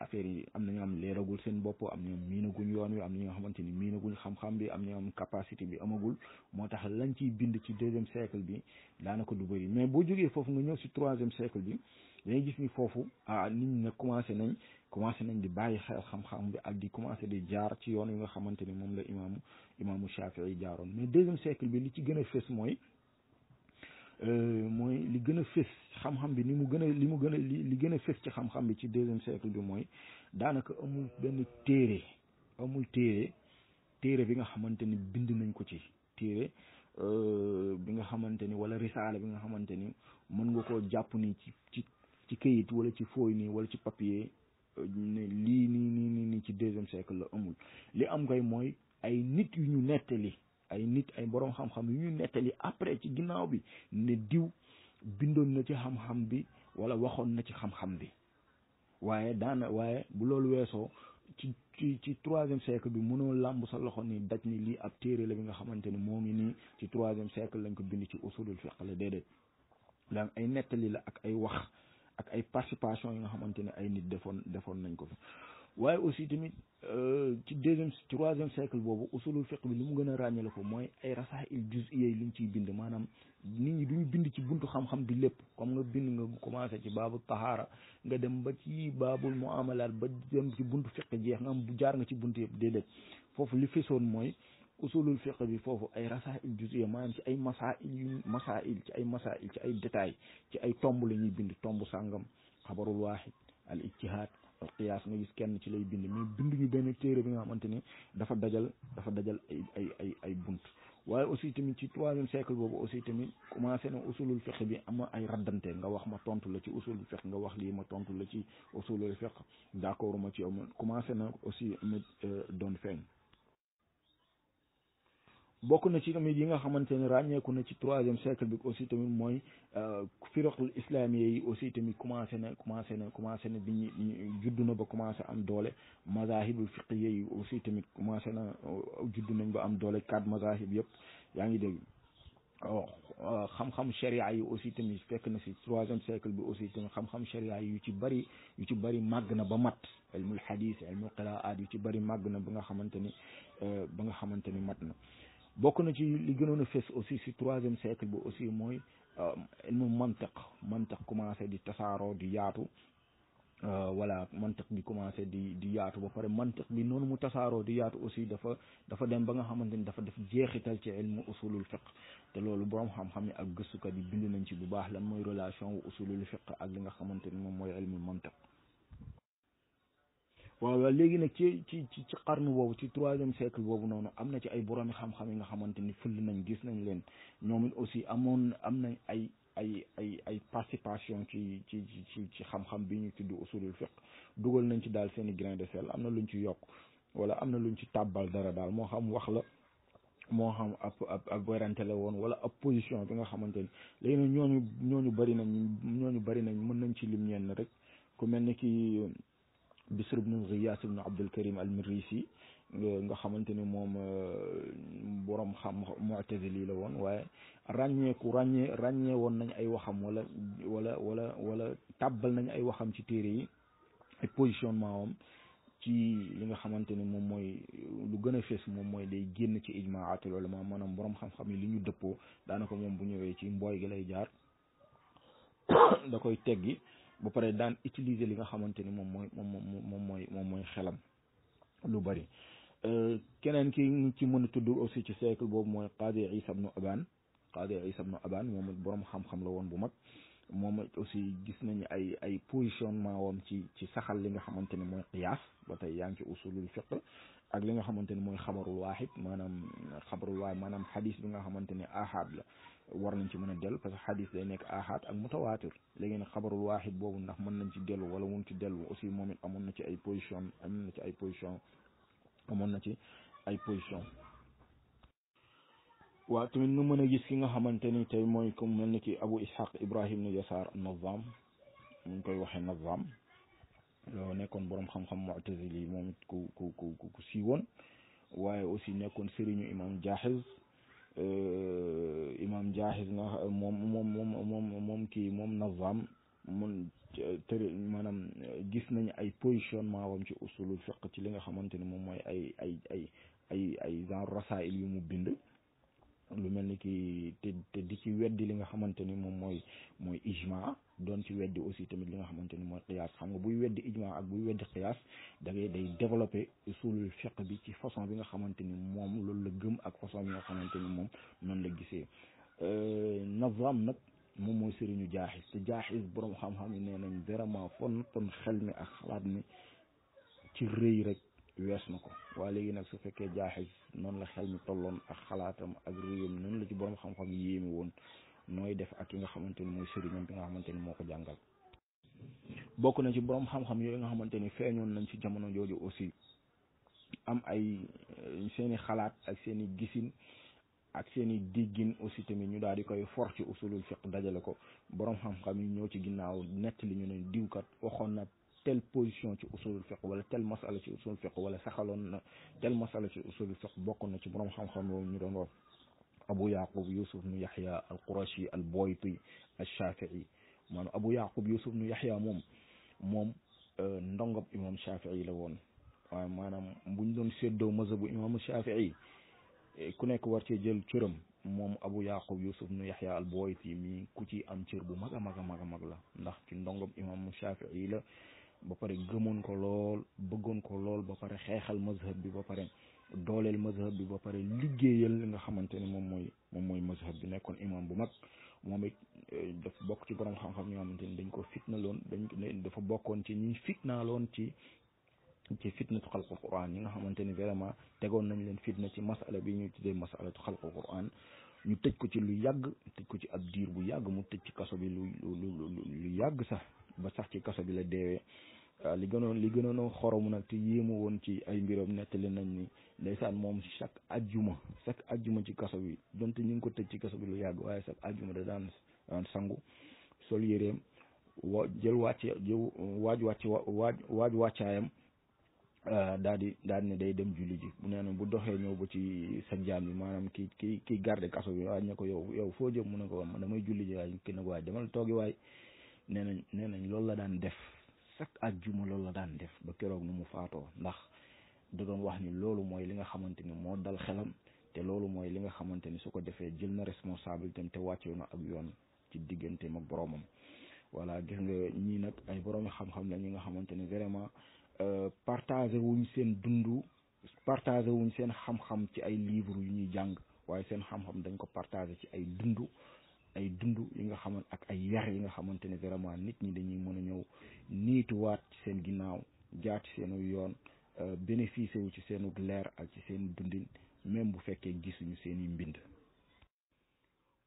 affaire yi am na ñoo xam leeragul seen bopp am na ñoom miinaguñ yoon wi am na ñoo xamante ni miinaguñ xam-xam bi am na ñoo xam capacité bi amagul moo tax lañ ciy bind ci deuxième siècle bi daanaka du bëri mais boo jógee foofu nga ñëw si troisième siècle bi dañuy gis ni foofu ah nit ñi nag commencé nañ commencé nañ di bàyyi xel xam-xam bi ak di commencé di jaar ci yoon yi nga xamante ni moom la imaamu imaamu Shafii jaaroon mais deuxième siècle bi li ci gën a fës mooy. Euh, mooy li gën a fés xam-xam bi ni mu gën a li mu gën a li gën a fés ci xam-xam bi ci deuxième siècle bi mooy daanaka amul benn téere amul téere téere bi nga xamante ni bind nañ ko ci téere euh, bi nga xamante ni wala risaala bi nga xamante ni mën nga koo jàpp ni ci ci ci këyit wala ci fooy nii wala ci papier euh, ne lii ni nii ci deuxième siècle la amul li am kay mooy ay nit yu ñu nettali ay nit ay boroom xam-xam yu ñu nettali après ci ginnaaw bi ne diw bindoon na ci xam-xam bi wala waxoon na ci xam-xam bi waaye daana waaye bu loolu weesoo ci ci ci troisième siècle bi mënoo làmb sa loxo ni daj ni lii ab téere la bi nga xamante ni moo ngi nii ci troisième siècle lañ ko bind ci usulul fiqh la déedéet daan ay nettali la ak ay wax ak ay parcipation yi nga xamante ne ay nit defoon defoon nañ ko fi waaye aussi tamit euh, ci deuxième troisième siècle boobu usulul fiqh bi li mu gën a ràññale ko mooy ay rasa il juz yooyu liñ ciy bind maanaam nit ñi ñu bind ci buntu xam-xam bi lépp comme nga bind nga commencé ci baabu tahaara nga dem ba ci baabul muamalaat ba dem ci buntu fiqh jeex nga am jaar nga ci buntu yëpp déedéet foofu li fesoon mooy usulul fiqh bi foofu ay rasail juz'iyya maanaam ci ay masail yu masail ci ay masa masail ci ay détails ci ay tomb la ñuy bind tomb sangam xabarul waaxid al ijtihaad par nga gis kenn ci lay bind mais bind ñu benn téere bi nga xamante ni dafa dajal dafa dajal ay ay ay ay bunt waaye aussi tamit ci troisième siècle boobu aussi tamit commencé na usulul fiq bi ama ay raddante nga wax ma tontu la ci usulul fiq nga wax lii ma tontu la ci usulul fiq d'accord ma ci yow commencé na aussi mit euh, doon feeñ bokku na ci tamit yi nga xamanteni ne ràññeeku na ci 3e siècle bi aussi tamit firaq al islamiyya yi aussi tamit commencé na commencé na commencé na biñu ñu na ba commencé am doole mazahib al fiqiyya yi aussi tamit commencé na judd nañ ba am doole quatre mazahib yëpp yaa ngi dégg xam-xam sharia yi aussi tamit fekk na ci 3e siècle bi aussi tamit xam-xam sharia yi yu ci bari yu ci bari mag na ba mat ilmul hadith ilmul qiraat yu ci bari mag na ba nga xamanteni ni ba nga xamanteni mat na bokk na ci li gënoon a fës aussi si troisième siècle bi aussi mooy euh, ilmu mantiq mantiq commencé di tasaaroo di yaatu euh, voilà mantiq bi commencé di di yaatu ba pare mantiq bi noonu mu tasaaroo di yaatu aussi dafa dafa dem ba nga xamante ni dafa def jeexital ci ilmu usulul fiq te loolu borom xam-xam ak gëstukat yi bind nañ ci bu baax lan mooy relation wu usulul fiq ak li nga xamante ni moom mooy ilmul mantiq waaw léegi nag ci ci ci ci xarnu boobu ci troisième siècle boobu noonu am na ci ay boroomi xam-xam yi nga xamante ni fël nañ gis nañ leen ñoom aussi amoon am nañ ay ay ay ay participation ci ci ci ci xam-xam bi ñu tudd usulul fiqh dugal nañ ci daal seen i grain de sel am na luñ ci yokk wala am na lu ñu ci tàbbal dara daal moo xam wax la moo xam ab ab ab werante la woon wala ab position bi nga xamante ni léegi nag ñooñu ñooñu bëri nañ ñooñu bëri nañ mën nañ ci lim ñenn rek ku mel ni ki bisr ibnu Giyaas ibnu Abdul Karim al-Mirisi nga xamante ni moom euh, borom xam mu'tazili la woon waaye ràññeeku ràññee ràññee woon nañ ay waxam wala wala wala wala tàbbal nañ ay waxam ci téere yi ay positionnement am ci li nga xamante ni moom mooy lu gën a fees moom mooy day génn ci ijmaatul ulama maanaam borom xam-xam yi li ñu dëppoo daanaka moom bu ñëwee ci mbooy gi lay jaar da koy teggi ba pare daan utiliser li nga xamante ni moom mooy moom moom mooy moom mooy xelam lu bari euh, keneen ki ci mën a tudd aussi ci siècle boobu mooy Qaadi Isa ibnu Abaan Qaadi Isa ibnu Abaan moom it boroom xam-xam la woon bu mag moom aussi gis nañu ay ay positionnement woon ci ci saxal li nga xamante ni mooy qiyaas ba tey yaa ngi ci usulul fiq ak li nga xamante ni mooy xabarul waaxid maanaam xabarul waaxid maanaam xadis bi nga xamante ni ahad la war nañ ci mën a dellu parce que xadis day nekk aaxaat ak mutawaatir léegi nag xabarul waaxid boobu ndax mën nañ ci dellu wala mun ci dellu aussi moom it amoon na ci ay position amoon na ci ay position amoon na ci ay position waaw tamit nu mën a gis ki nga xamante ni tey mooy comme mel ni ki abu ishaq ibrahim ne yasaar nazam mu ngi koy waxee nazam loo nekkoon borom xam-xam mu'tazili moom it ku ku ku ku siiwoon waaye aussi nekkoon sëriñu imam jaaxiz Euh, imam jahis nga moom moom moom moom kii moom nazam mun tëri maanaam gis nañu ay positionnement wam ci usulul fiq ci li nga xamante ne moom mooy ay ay ay ay ay genre rasail yu mu bind lu mel ni ki te te di ci weddi li nga xamante ni moom mooy mooy ijma doon ci weddi aussi tamit li nga xamante ni mooy xiyaas xam nga buy weddi ijma ak buy weddi xiyaas da ngay day développé usulul fiqh bi ci façon bi nga xamante ni moom loolu la gëm ak façon bi nga xamante ni moom noonu la gisee euh, nazam nag moom mooy sëriñu jaaxis te jaaxis borom xam-xam yi nee nañ vraiment fontoon xel mi ak xalaat mi ci rëy rek wees na ko waaye léegi nag su fekkee jaaxis noonu la xel mi tolloon ak xalaatam ak rëyam noonu la ci borom xam-xam yi yéeme woon mooy def ak ki nga xamante ni mooy sëriñam bi nga xamante ni moo ko jàngal bokk na ci boroom xam-xam yooyu nga xamante ni feeñoon nañ ci jamono jooju aussi am ay eh, seeni xalaat ak seeni gisin ak seeni diggin aussi tamit ñu daal di koy for ci usulul fiq dajale ko borom xam-xam yi ñëw ci ginnaaw nett li ñu ne diwkat waxoon na telle position ci usulul fiq wala tel masala ci usulul fiq wala saxaloon na telle masala ci usulul fiq bokk na ci borom xam-xam yooyu ñu doon wax abu yaqub yusuf nu yaxya al qurashi al boyti al shafii maanaam abu yaqub yusuf nu yaxya moom moom euh, ndongab imam shafii la woon waaye maanaam buñ doon séddoo mazhabu imam shafii eh, ku nekk war cee jël cëram moom abu yaqub yusuf nu yaxya al boyti mi ku ci am cër bu mag a mag a mag a mag la ndax ci ndongab imam shafii la ba pare gëmoon ko lool bëggoon ko lool ba pare xeexal mazhab bi ba pare dooleel mazhab bi ba pare liggéeyal li nga xamante ni moom mooy moom mooy mazhab bi nekkoon imam bu mag moom it eh, dafa bokk ci borom xam-xam ñoo ni dañ ko fitnaloon dañ dafa bokkoon ci ñi fitnaaloon ci ci fitnatu xalqul quran ñi nga xamante ni vraiment tegoon nañ leen fitna ci masala bi ñu tuddee masalatu xalqul quran ñu tëj ko ci lu yàgg tëj ko ci ab diir bu yàgg mu tëj ci kaso bi lu lu lu yàgg sax ba sax ci kaso bi la deewee li gënoon li gënoon a xorom nag te yéemu woon ci ay mbiram nettali nañ ni lay saat moom chaque ajjuma chaque ajjuma ci kaso bi donte ñu ngi ko tëj ci kaso bi lu yàgg waaye chaque ajjuma da daan daan sangu sol yéreem wa jël wàcce jël waaj wàcce waaj waaj wàccaayam euh, daal di daal di ne day dem julli ji bu nee na bu doxee ñëw ba ci sa jaam bi maanaam ki ki ki garde kaso bi waaj ne ko yow yow foo jëm mu ne ko man damay julli ji waaye ki ne ko waay demal toogi waay nee nañ nee nañ loolu la daan def chaque àjjuma loolu la daan def ba keroog nu mu faatoo ndax da doon wax ni loolu mooy li nga xamante ni moo dal xelam te loolu mooy li nga xamante ni su ko defee jël na responsabilité am te wàccewu yoon ci digganteem ak boromam. voilà gis nga ñii nag ay boroomi xam-xam la ñi nga xamante ni vraiment euh, partagé wuñ seen dundu partagé wuñ seen xam-xam ci ay livres yu ñuy jàng waaye seen xam-xam dañ ko partagé ci ay dundu. ay dund yi nga xamante ak ay yar yi nga xamante ne vraiment nit ñi dañuy mën a ñëw niituwaat ci seen ginnaaw jaar ci seenu yoon euh, bénéficer wu ci seenu leer ak ci seen dundin même bu fekkee gisuñu seeni mbind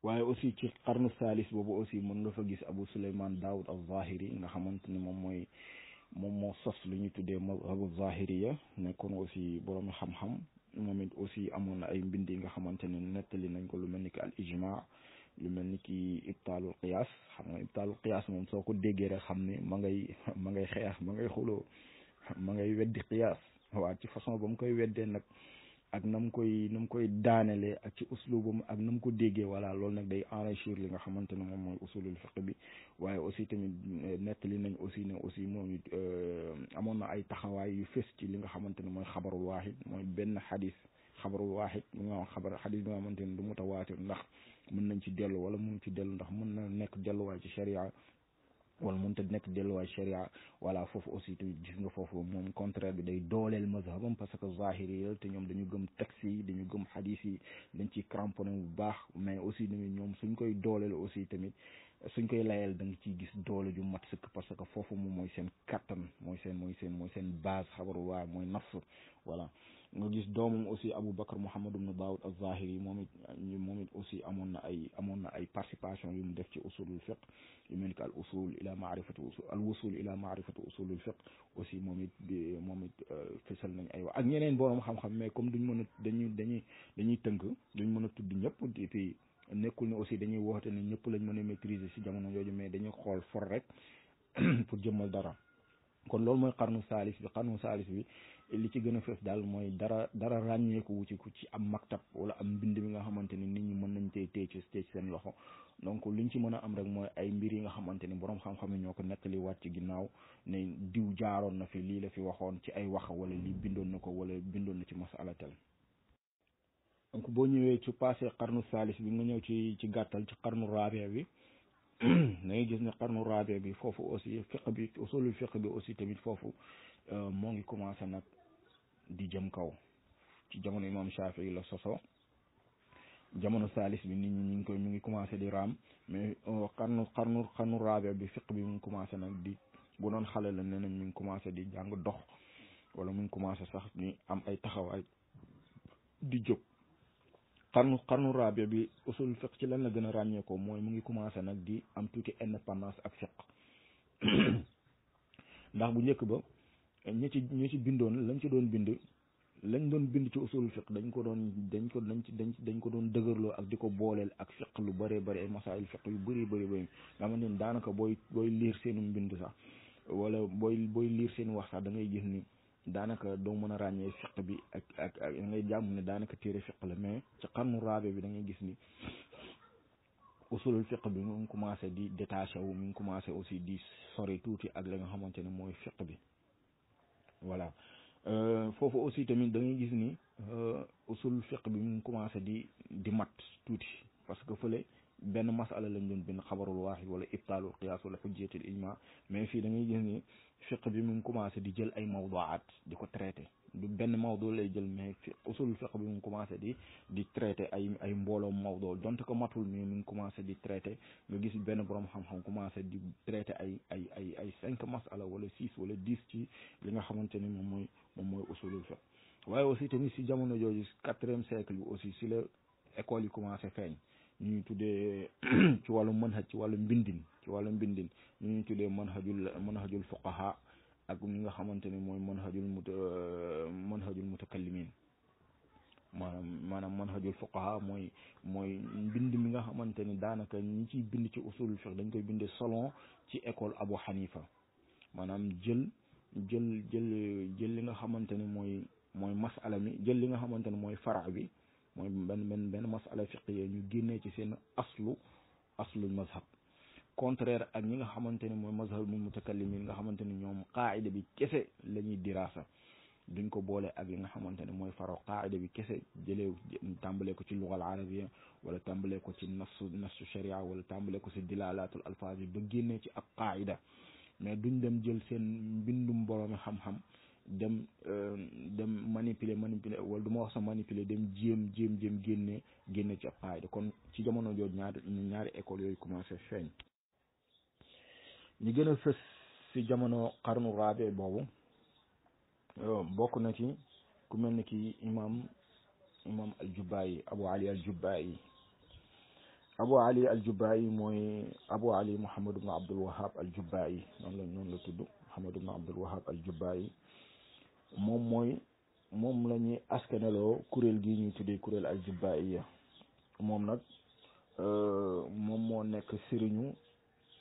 waaye aussi ci xarnu saalis boobu aussi mën nga fa gis Abu Suleyman Daawud al-Zahiri nga xamante ne moom mooy moom moo sos lu ñuy tuddee mazhabu zahiriya nekkoon aussi borom xam-xam moom it aussi amoon na ay mbind yi nga xamante ne nettali nañ ko lu mel ni que lu mel ni ki ibtaalul qiyaas xam nga ibtaalul qiyaas moom soo ko déggee rek xam ne ma ngay ma ngay xeex ma ngay xuloo ma ngay weddi qiyaas waaw ci façon ba mu koy weddee nag ak na mu koy na koy daanelee ak ci uslubam ak na mu ko déggee wala loolu nag day enrichir li nga xamante ne moom mooy usulul fiq bi waaye aussi tamit euh, nettali nañ aussi ne aussi moom euh, amoon na ay taxawaay yu fees ci li nga xamante ne mooy xabarul waaxid mooy benn xadis xabarul waaxid mu nga xabar xadis bi xamante ne du mutawaatir ndax mën nañ ci dellu wala mun ci dellu ndax mën na nekk delluwaay ci sharia wala mënut a nekk delluwaay sharia voilà foofu aussi tamit gis nga foofu moom contraire bi day dooleel mazhabam parce que zahiri yi te ñoom dañu gëm texte yi dañu gëm xadis yi dañ ciy cramponné bu baax mais aussi tamit ñoom suñ koy dooleel aussi tamit suñ koy layal da nga ciy gis doole ju mat sëkk parce que foofu moom mooy seen kattan mooy seen mooy seen mooy seen base xabaru waa mooy nafs voilà nga gis doomam aussi Abou Bakr Mouhamad ibn Daoud az-Zahiri moom it moom it aussi amoon na ay amoon na ay participation yu mu def ci usulul fiqh yu mel ni al usul ila maarifati usul al wusul ila maarifati usulul fiqh aussi moom it moom it fësal nañ ay wax ak ñeneen borom xam-xam mais comme duñ mën a dañuy dañuy dañuy tënk duñ mën a tudd ñëpp et puis nekkul ne aussi dañuy woote ne ñëpp lañ mën a maîtriser si jamono jooju mais dañuy xool for rek pour jëmmal dara kon loolu mooy xarnu saalis bi xarnu saalis bi li ci gën a fees daal mooy dara dara ràññeeku wu ci ku ci am maktab wala am mbind mi nga xamante ni nit ñi mën nañ tey tey ci seen loxo donc ñu ci mën a am rek mooy ay mbir yi nga xamante ni borom xam-xam yi ñoo ko nekk li wàcc ginnaaw ne diw jaaroon na fi lii la fi waxoon ci ay wax wala lii bindoon na ko wala bindoon na ci masala tel donc boo ñëwee ci passé xarnu saalis bi nga ñëw ci ci gàttal ci xarnu raabia bi da ngay gis ne xarnu raabia bi foofu aussi fiq bi usulul fiq bi aussi tamit foofu euh, moo ngi commencé nag di jëm kaw ci jamono imam Shafii la soso jamono saalis bi nit ñu ngi koy mu ngi commencé di raam mais euh, xarnu xarnu xarnu raabe bi fiq bi mu ngi commencé nag di bu doon xale la nee nañ mi ngi commencé di jàng dox wala mu ngi commencé sax ñu am ay taxawaay di jóg xarnu xarnu raabe bi usul fiq ci lan la gën a ràññeekoo mooy mu ngi commencé nag di am tuuti indépendance ak fiq ndax bu njëkk ba ñi ci ñi ci bindoon lañ ci doon bind lañ doon bind ci usulul fiq dañ ko doon dañ ko ci dañ dañ ko doon dëgërloo ak di ko booleel ak fiq lu bëree bëri ay masaayil fiq yu bëri bëri bëri nga xamante ni daanaka booy booy liir seenu mbind sax wala booy booy liir seen wax da ngay gis ni daanaka doo mën a ràññee fiq bi ak ak ak da ngay jàmm ne daanaka téere fiq la mais ci xarnu raabe bi da ngay gis ni usulul fiq bi mu ngi commencé di détaché wu mu ngi commencé aussi di sori tuuti ak la nga xamante ne mooy fiq bi voilà euh, foofu aussi tamit da ngay gis ni euh, usul fiq bi mu ngi commencé di di mat tuuti parce que fële benn masala lañ doon benn xabarul waaxid wala ibtaalul qiyaas wala xujjatul ijma mais fii da ngay gis ni fiq bi mu ngi commencé di jël ay mawduaat di ko traité du benn mawdo lay jël mais fi usul fiqh bi mu commencé di di traité ay ay mbooloo mawdo donte ko matul mi mu ngi commencé di traité nga gis benn borom xam-xam commencé di traité ay ay ay ay cinq masala wala six wala dix ci li nga xamante ni moom mooy moom mooy usulul fiqh waaye aussi tamit si jamono jooju quatrième siècle bi aussi si la école yi commencé feeñ ñu ñuy tuddee ci wàllu manhaj ci wala mbindin ci wàllu mbindin ñu ñuy tuddee manhajul manhajul fuqaha ak ñi nga xamante ni mooy manhajul mut euh, manhajul mutakallimin maanaam maanaam manhajul fuqaha mooy mooy mbind mi nga xamante ni daanaka ñi ciy bind ci usulul fiqh dañ koy binde selon ci école Abu Hanifa maanaam jël jël jël jël li nga xamante ni mooy mooy masala mi jël li nga xamante ni mooy fara bi mooy benn benn benn masala fiqh yee ñu génnee ci seen aslu aslul mazhab contraire ak ñi nga xamante ne mooy mazhabul mutakallimin nga xamante ne ñoom qaayida bi kese la ñuy diraasa duñ ko boole ak li nga xamante ne mooy faro qaayida bi kese jële tàmbalee ko ci lugal arabia wala tàmbalee ko ci nafsu nafsu sharia wala tàmbalee ko ci dilaalaatul alfaaz yi ba génnee ci ab qaayida mais duñ dem jël seen mbindum boroomi xam-xam dem euh, dem manipule manipuler wala du ma wax sa manipuler dem jéem jéem jéem génne génne ci ab qaayida kon ci jamono jooju ñaari ñaari école yooyu commencé feeñ ñi gën a fës ci jamono xarnu raabe boobu euh, bokk na ci ku mel ni ki imam imam aljubaayi abu ali aljubaayi abu ali aljubaayi mooy abu ali muhammad ibn abdul wahab aljubaayi noonu la noonu la tudd muhammad ibn abdul wahab aljubaayi moom mooy moom la ñuy askaneloo kuréel gi ñuy tuddee kuréel aljubaayi ya moom nag euh, moom moo nekk sëriñu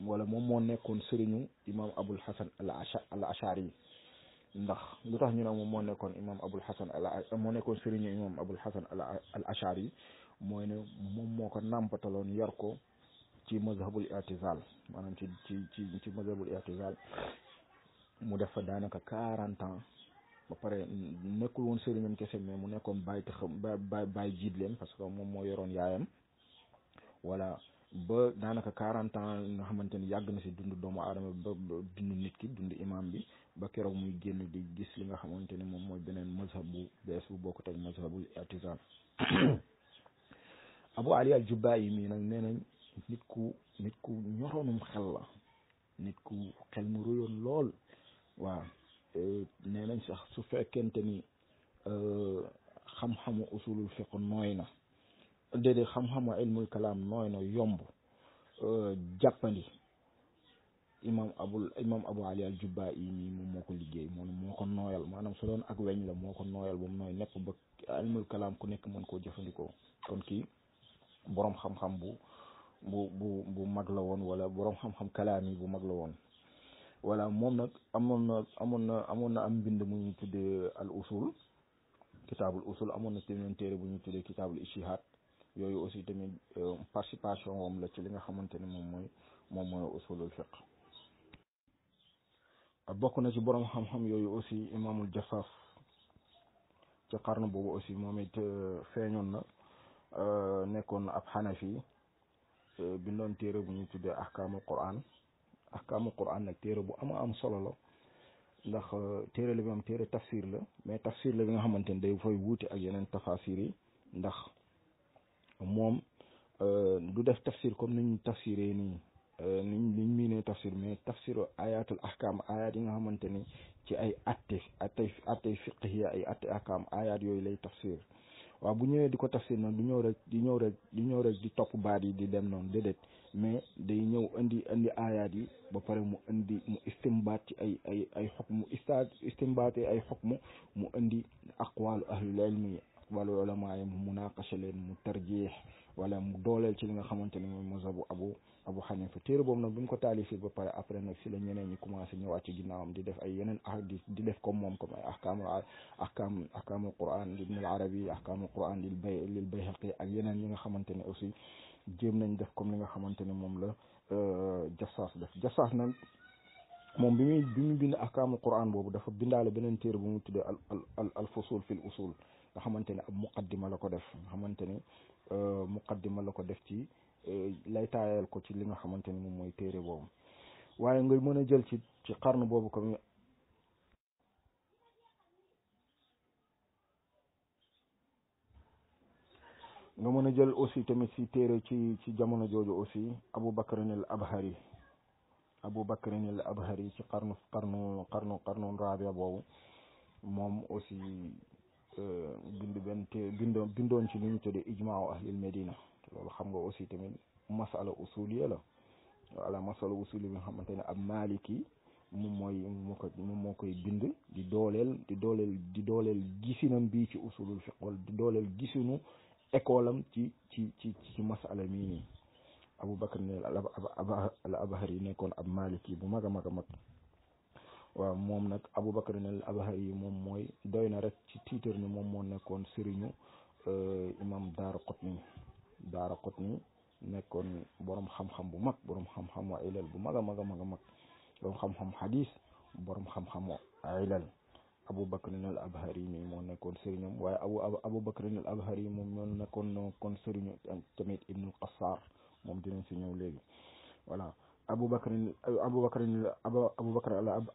wala mom mo nekkon serignu imam abul hasan al ashari ndax lutax ñu ne mom mo nekkon imam abul hasan al mo nekkon serignu imam abul hasan al ashari moy ne mom moko ko nàmpataloon yar ko ci mazhabul i'tizal manam ci ci ci ci mazhabul i'tizal mu def fa danaka 40 ans ba pare nekkul won sëriñam kesse mais mu nekkon bàyyi xam bàyyi jidlem parce que mom mo yoron yaayam wala ba daanaka quarante ans nga xamante ni yàgg na si dund doomu aadama ba dund nit ki dund imam bi ba keroog muy génn di gis li nga xamante ni moom mooy beneen mazhab bu bees bu bokkut ak mazhabul i'tizal Abu Ali al Jubbaay yi mii nag nee nañ nit ku nit ku ñoroonum xel la nit ku xel mu rëyoon lool waaw euh, nee nañ sax su fekkente ni euh, xam-xamu usulul fiqh nooy na déedéet xam a ilmul kalaam nooy na yomb euh, jàppandi imam abul imam abu ali al jubba yi mii moom moo ko liggéey moom moo ko nooyal maanaam su ak weñ la moo ko nooyal ba mu nooy nepp ba ilmul kalaam ku nekk mën koo jëfandikoo kon kii boroom xam-xam bu bu bu mag la woon wala boroom xam-xam kalaam yi bu mag la woon voilà moom nag amoon na amoon na amoon na am mbind mu ñuy tuddee al usul kitaabul usul amoon na seen téere bu ñuy tuddee kitaabul ishihaad yooyu aussi tamit euh, participation moom la ci li nga xamante ne moom mooy moom mooy usulul fiq bokk na ci borom xam-xam yooyu aussi imaamul jafaaf ci na boobu aussi moom it euh, feeñoon na euh, nekkoon ab xanafi bindoon téere bu ñu tuddee ahkaamul quraan ahkaamul quraan nag téere bu am am solo la ndax téere la bi moom téere tafsir la mais tafsir la bi nga xamante ne day fay wuute ak yeneen tafasir yi ndax moom euh, du def tafsir comme niñ tafsiree nii euh, niñ liñ miinee tafsir mais tafsiru ayaatul ahkam ayat yi nga xamante ni ci ay atte attey attey ay atte ahkam ayat yooyu lay tafsir waaw bu ñëwee di ko tafsir noonu du ñëw rek di ñëw rek di ñëw rek di topp baat yi di dem noonu déedéet mais day ñëw indi indi ayaat yi ba pare mu indi mu istimbaat ay ay ay xukmu istimbaate ay xukmu mu indi aqwaalu ahlul istiqbaalu ulama yi mu munaqasha leen mu tarjeex wala mu dooleel ci li nga xamante ne mooy mazhabu abu abu xanifa téere boobu nag bu ñu ko taalifee ba pare après nag si la ñeneen ñi commencé ñëwaat ci ginnaawam di def ay yeneen ahadis di def comme moom comme ay ahkaamu ahkaam ahkaamul quran li ibnul arabi ahkaamul quran lil bay lil bayhaqi ak yeneen yi nga xamante ne aussi jéem nañ def comme li nga xamante ne moom la jasaas def jasaas nag moom bi muy bi muy bind ahkaamul quran boobu dafa bindaale beneen téere bu mu tuddee al al al fusul fil usul nga xamante ne ab muqaddima la ko def nga xamante ne euh, muqaddima la ko def ci euh, lay taayal ko ci li nga xamante ne moom mooy téere boobu waaye ngay mën a jël ci ci xarnu boobu comme nga mën a jël aussi tamit ci téere ci ci jamono jooju aussi Abu Bakrin al Abhari Abu Bakrin al Abhari ci xarnu xarnu xarnu xarnu rabia boobu moom aussi Euh, bind benn te bindoon bindoon ci lu ñu tuddee ijmaaw ahlil medina loolu xam nga aussi tamit masala usuliya la voilà masala usuli bi nga xamante ne ab maliki moom mooy moom moo koy bind di dooleel di dooleel di dooleel gisinam bii ci usulul fiq wala di dooleel gisinu école am ci ci ci ci masala mii nii Abu Bakr ne al Abahari nekkoon ab maliki bu mag a mag a mag waa moom nag Aboubacar al Abhari moom mooy doy na rek ci tiitar ni moom moo nekkoon sëriñu euh, imam Daara Qutni Daara Qutni nekkoon borom xam-xam bu mag borom xam-xam wa ilal bu mag a mag a mag a mag borom xam-xam xadis borom xam-xam wa ilal Aboubacar al Abhari mi moo nekkoon sëriñam waaye abu Aboubacar al Abhari moom ñoo nekkoon kon sëriñu tamit Ibnul Qassar moom dinañ si ñëw léegi أبو بكر أبو بكر أبو بكر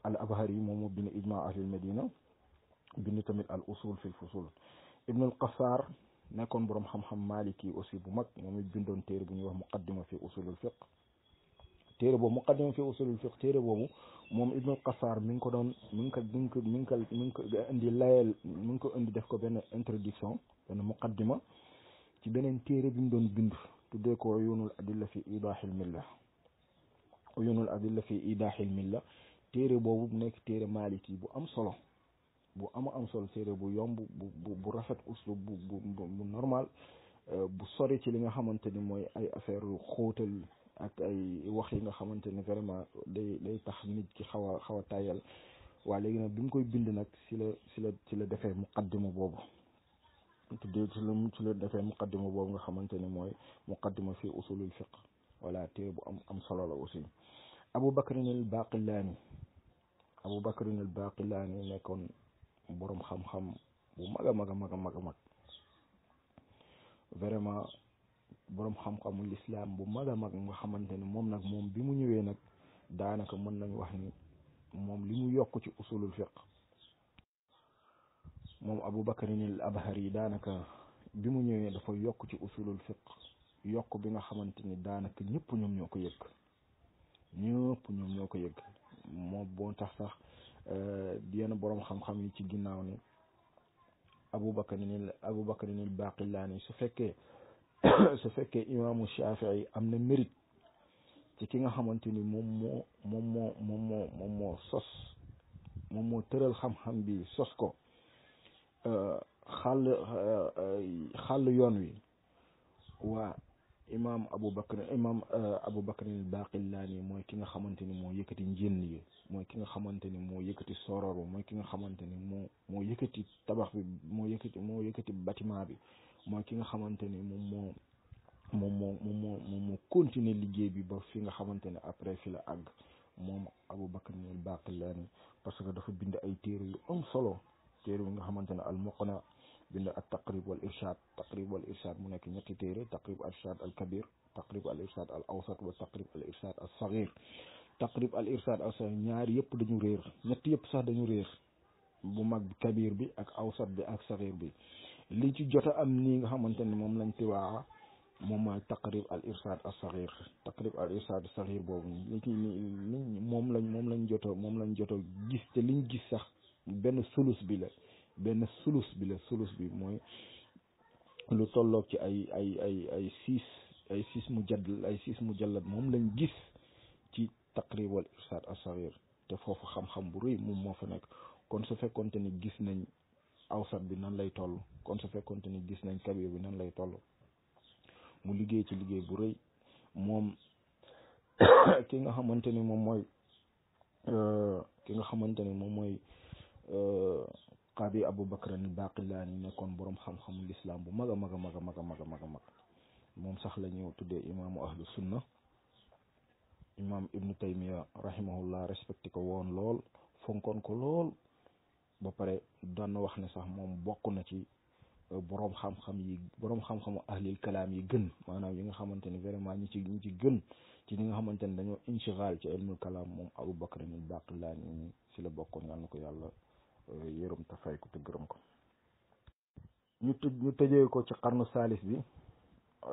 الأبهري مهم بن إدماء أهل المدينة بن تمت الأصول في الفصول ابن القصار نكون برم خم خم مالكي أصيب مك مهم بن دون تير بن يوه مقدمة في أصول الفقه تير بو مقدمة في أصول الفقه تير بو مهم ابن القصار من كون من كل من كل من كل عند الليل من كل عند دفكو بين إنتروديكسون بين مقدمة تبين تير بن دون بند تدكوا عيون الأدلة في إيضاح الملة عيون الأدلة في إيداح الملة تيري بوبو بنك تيري مالكي بو أم صلو بو أم أم صلو تيري بو يوم بو, بو, بو رفت أسلو بو, بو, بو, بو نرمال أه، بو صاري تلنغا حمان تدي موي أي أفير خوتل أك أي وخي نغا حمان تدي غير ما دي, دي تحميد كي خوا, خوا تايل ولكن بيم كوي بيندنك سيلا سيلا سيلا دفع مقدمة بوبو تدي تلوم تلا دفع مقدمة بوبو نغا حمان تدي موي مقدمة في أصول الفقه ولا تيري بو أم, أم صلو لغسين abu bakrin al baqilaani abu bakrin al baqilaani nekkoon borom xam-xam bu mag a mag a mag a mag a mag vraiment borom xam-xamu lislaam bu maga mag nga xamante ni moom nag moom bi mu ñëwee nag daanaka mën nañ wax ni moom li mu yokk ci usulul fiq moom abu bakrin al abhari daanaka bi mu ñëwee dafa yokk ci usulul fiq yokk bi nga xamante ni daanaka ñëpp ñoom ñoo ko yëkk ñëpp ñoom ñoo ko yëg moo boo tax sax euh, yenn borom xam-xam yi ci ginnaaw ni abubakarinil abubakarinil baqillaani su fekkee su fekkee imaamu Shafii am na mérite ci ki nga xamante ni moom moo moom moo moom moo moom moo sos moom moo tëral xam-xam bi sos ko euh, xàll euh, xàll yoon wi waa imaam Abu Bakr imaam euh, Abu Bakr al-Baqillaani mooy ki nga xamante ni moo yëkkati njënd yi mooy ki nga xamante ni moo yëkkati soror mooy ki nga xamante ni moo moo yëkkati tabax bi moo yëkkati moo yëkkati bâtiment bi mooy ki nga xamante ni moom moo moom moo moom moo moo continuer liggéey bi ba fi nga xamante ne après fi la àgg moom Abu Bakr al-Baqillaani parce que dafa bind ay téere yu am solo téere yi nga xamante ne al-Muqni بين التقريب والإرشاد تقريب والإرشاد هناك نقطتين تقريب الإرشاد الكبير تقريب الإرشاد الأوسط وتقريب الإرشاد الصغير تقريب الإرشاد الصغير نيار يبدو دانيو رير نيت يب صاح دانيو رير بو ماك كبير بي اك اوسط بي اك صغير بي لي تي جوتا ام نيغا خامتاني موم لا نتي واخا موم تقريب الارشاد الصغير تقريب الارشاد الصغير بوب لي ني موم لا موم لا نجوتو موم لا نجوتو غيس تي benn sulus bi la sulus bi mooy lu tolloog ci ay ay ay ay six ay six mu jadd ay six mu jallad moom lañ gis ci taqrib wal irsaad asagir te foofu xam-xam bu rëy moom moo fa nekk kon su fekkonte ni gis nañ awsat bi nan lay toll kon su fekkonte ni gis nañ kabir bi nan lay toll mu liggéey ci liggéey bu rëy moom ki nga xamante ni moom mooy euh, ki nga xamante ni moom mooy euh, qaadi Abu Bakr al-Baqilaani nekkoon boroom xam-xamu lislaam bu mag a mag a mag a mag a mag a mag moom sax la ñu tuddee imaamu ahlu sunna imaam ibnu taymiya rahimahullah respecté ko woon lool fonkoon ko lool ba pare daan na wax ne sax moom bokk na ci euh, borom xam-xam yi borom xam-xamu ahlil yi gën maanaam yi nga xamante ni vraiment ñi ci ñi ci gën ci ñi nga xamante ni dañoo inchiral ci ilmul kalaam moom Abu Bakr al-Baqilaani si la bokkoon yàlla na ko yàlla. yërëm te fay ko te gërëm ko ñu tëj ñu tëjee ko ci xarnu saalis bi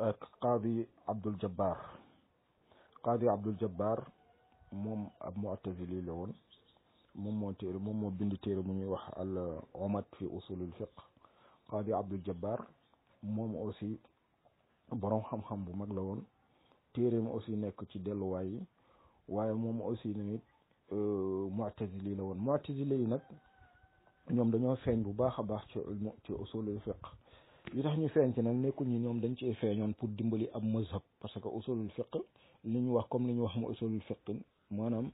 ak qaadi abdul jabbar qaadi abdul jabbar moom ab mu'tazili la woon moom moo téere moom moo bind téere mu ñuy wax al omat fi usulul fiqh qaadi abdul jabbar moom aussi borom xam-xam bu mag la woon téereem aussi nekk ci delluwaay yi waaye moom aussi tamit euh, mu'tazili la woon mu'tazili yi nag ñoom dañoo feeñ bu baax a baax ci ci usulul fiq li tax ñu feeñ ci nag nekkul ñi ñoom dañ cee feeñoon pour dimbali ab mazhab parce que usulul fiq li ñu wax comme li ñu wax mu usulul fiq maanaam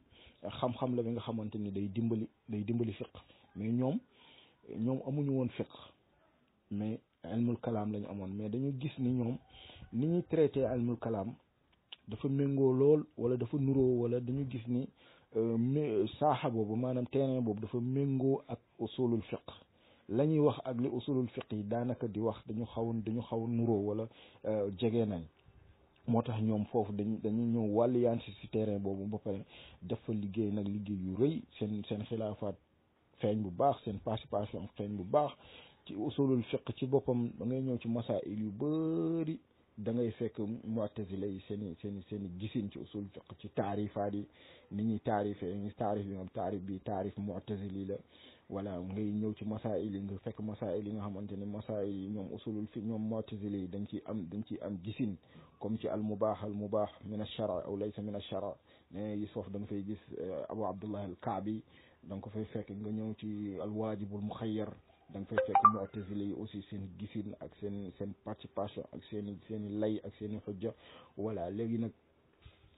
xam-xam la bi nga xamante ni day dimbali day dimbali fiq mais ñoom ñoom amuñu woon fiq mais ilmul kalaam lañu amoon mais dañu gis ni ñoom ni ñuy traité ilmul kalaam dafa méngoo lool wala dafa nuroo wala dañu gis ni saaxa boobu maanaam terrain boobu dafa méngoo ak usulul fiq la ñuy wax ak li usulul fiq yi daanaka di wax dañu xaw dañu xaw nuroo wala euh, jege nañ moo tax ñoom foofu dañ dañuy ñëw wàllu yaan si si terrain boobu ba pare dafa liggéey nag liggéey yu rëy seen seen xilaafaat feeñ bu baax seen participation feeñ bu baax ci usulul fiq ci boppam da ngay ñëw ci masail yu bëri dangay fekk mu'tazila yi seen i seen seen gisin ci usul fiqh ci taarifaat yi ni ñi taarifee ni tarif bi tarif bi tarif mu'tazili la wala ngay ñëw ci masaa'il nga fekk masaa'il nga xamanteni ni ñom usulul fi ñom mu'tazili dañ ci am dañ ci am gisin comme ci al mubah al mubah min ash shar' aw laysa min ash ne yi soof da fay gis Abu Abdullah al ka'bi da ko fay fekk nga ñëw ci al waajibul mukhayyar da nga fay fekk mu'tazila yi aussi seen ak seen seen participation ak seen i lay ak seen i xujja voilà léegi nag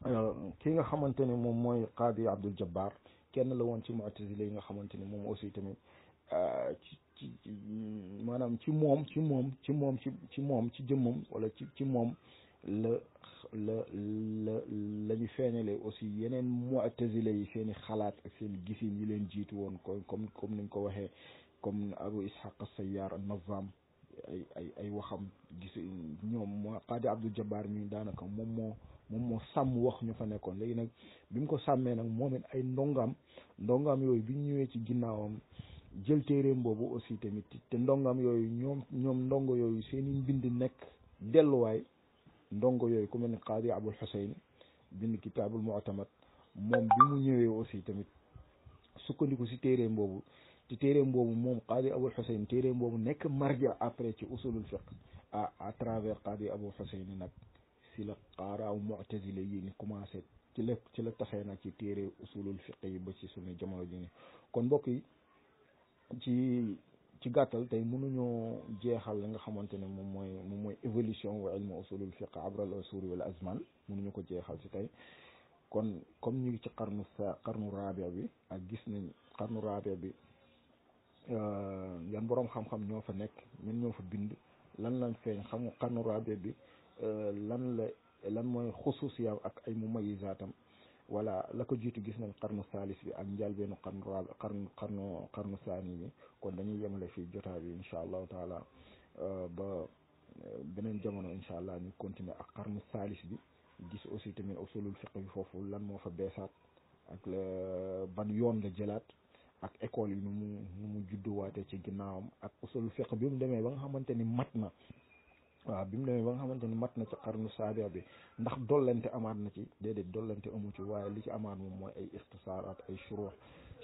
euh, ki nga xamante ne moom mooy qaadi Abdul Jabbar kenn la woon ci mu'tazila yi nga xamante ni moom aussi tamit euh, ci ci maanaam ci moom ci moom ci moom ci ci moom ci jëmmam wala ci ci moom la la la la ñu feeñalee aussi yeneen mu'tazila yi seen xalaat ak seen gisin yi leen jiitu woon comme comme comme niñ ko waxee comme abu ishaq sayar nazam ay ay ay waxam gis ñoom moo xaadi abdou jabar mi daanaka moom moo moom moo sàmm wax ñu fa nekkoon léegi nag bi mu ko sàmmee nag moom it ay ndongaam ndongaam yooyu bi ñëwee ci ginnaawam jël téere boobu aussi tamit te ndongaam yooyu ñoom ñoom ndongo yooyu seeni mbind nekk delluwaay ndongo yooyu ku mel ni xaadi abul xuseyn bind kitaabul mu'tamad moom bi mu ñëwee aussi tamit sukkandiku si téere boobu ci téeréem boobu moom qaadi abul xuseyn téeréem boobu nekk marja après ci usulul fiqh à à travers qaadi abul xuseyn nag si la qaaraaw mu'tazila yi ni commencé ci la ci la taxee nag ci téere usulul fiqh yi ba ci suñu jamono ji ni kon mbokk yi ci ci gàttal tey mënuñoo jeexal li nga xamante ne moom mooy moom mooy évolution wa ilmu usulul fiqh abra al usul wal azman mënuñu ko jeexal ci tey kon comme ñu ngi ci qarnu sa qarnu bi ak gis nañ qarnu rabia bi Euh, yan boroom xam-xam ñoo fa nekk ñan ñoo fa bind lan lañ feeñ xam xanu rabe bi euh, lan la lan mooy xusuusiyaam ak ay mumayizaatam voilà wala ko jiitu gis nañ xarnu saalis bi ak njalbeenu xarnu raab xarnu xarnu xarnu saani bi kon dañuy yemale fii jotaay bi incha allahu taala euh, ba beneen jamono incha allah ñu continuer ak xarnu saalis bi gis aussi tamit usulul fiq bi foofu lan moo fa beesaat ak ban yoon la jëlaat ak école yi nu mu nu mu judduwaate ci ginnaawam ak usul fiq bi mu demee ba nga xamante ni mat na waaw bi mu demee ba nga xamante ni mat na ci xarnu saabia bi ndax dollante amaat na ci déedéet dollante amu ci waaye li ci amaat moom mooy ay ixtisaaraat ay suruux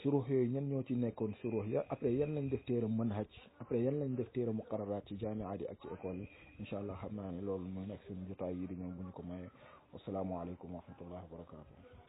suruux yooyu ñan ñoo ci nekkoon suruux ya après yan lañ def téere manhaj après yan lañ def téere muqararaat ci jaamiaat yi ak ci école yi incha allah xam naa ne loolu mooy nekk suñu jotaay yi di ñëw mu ñu ko mayee wasalaamualeykum wa rahmatullahi wa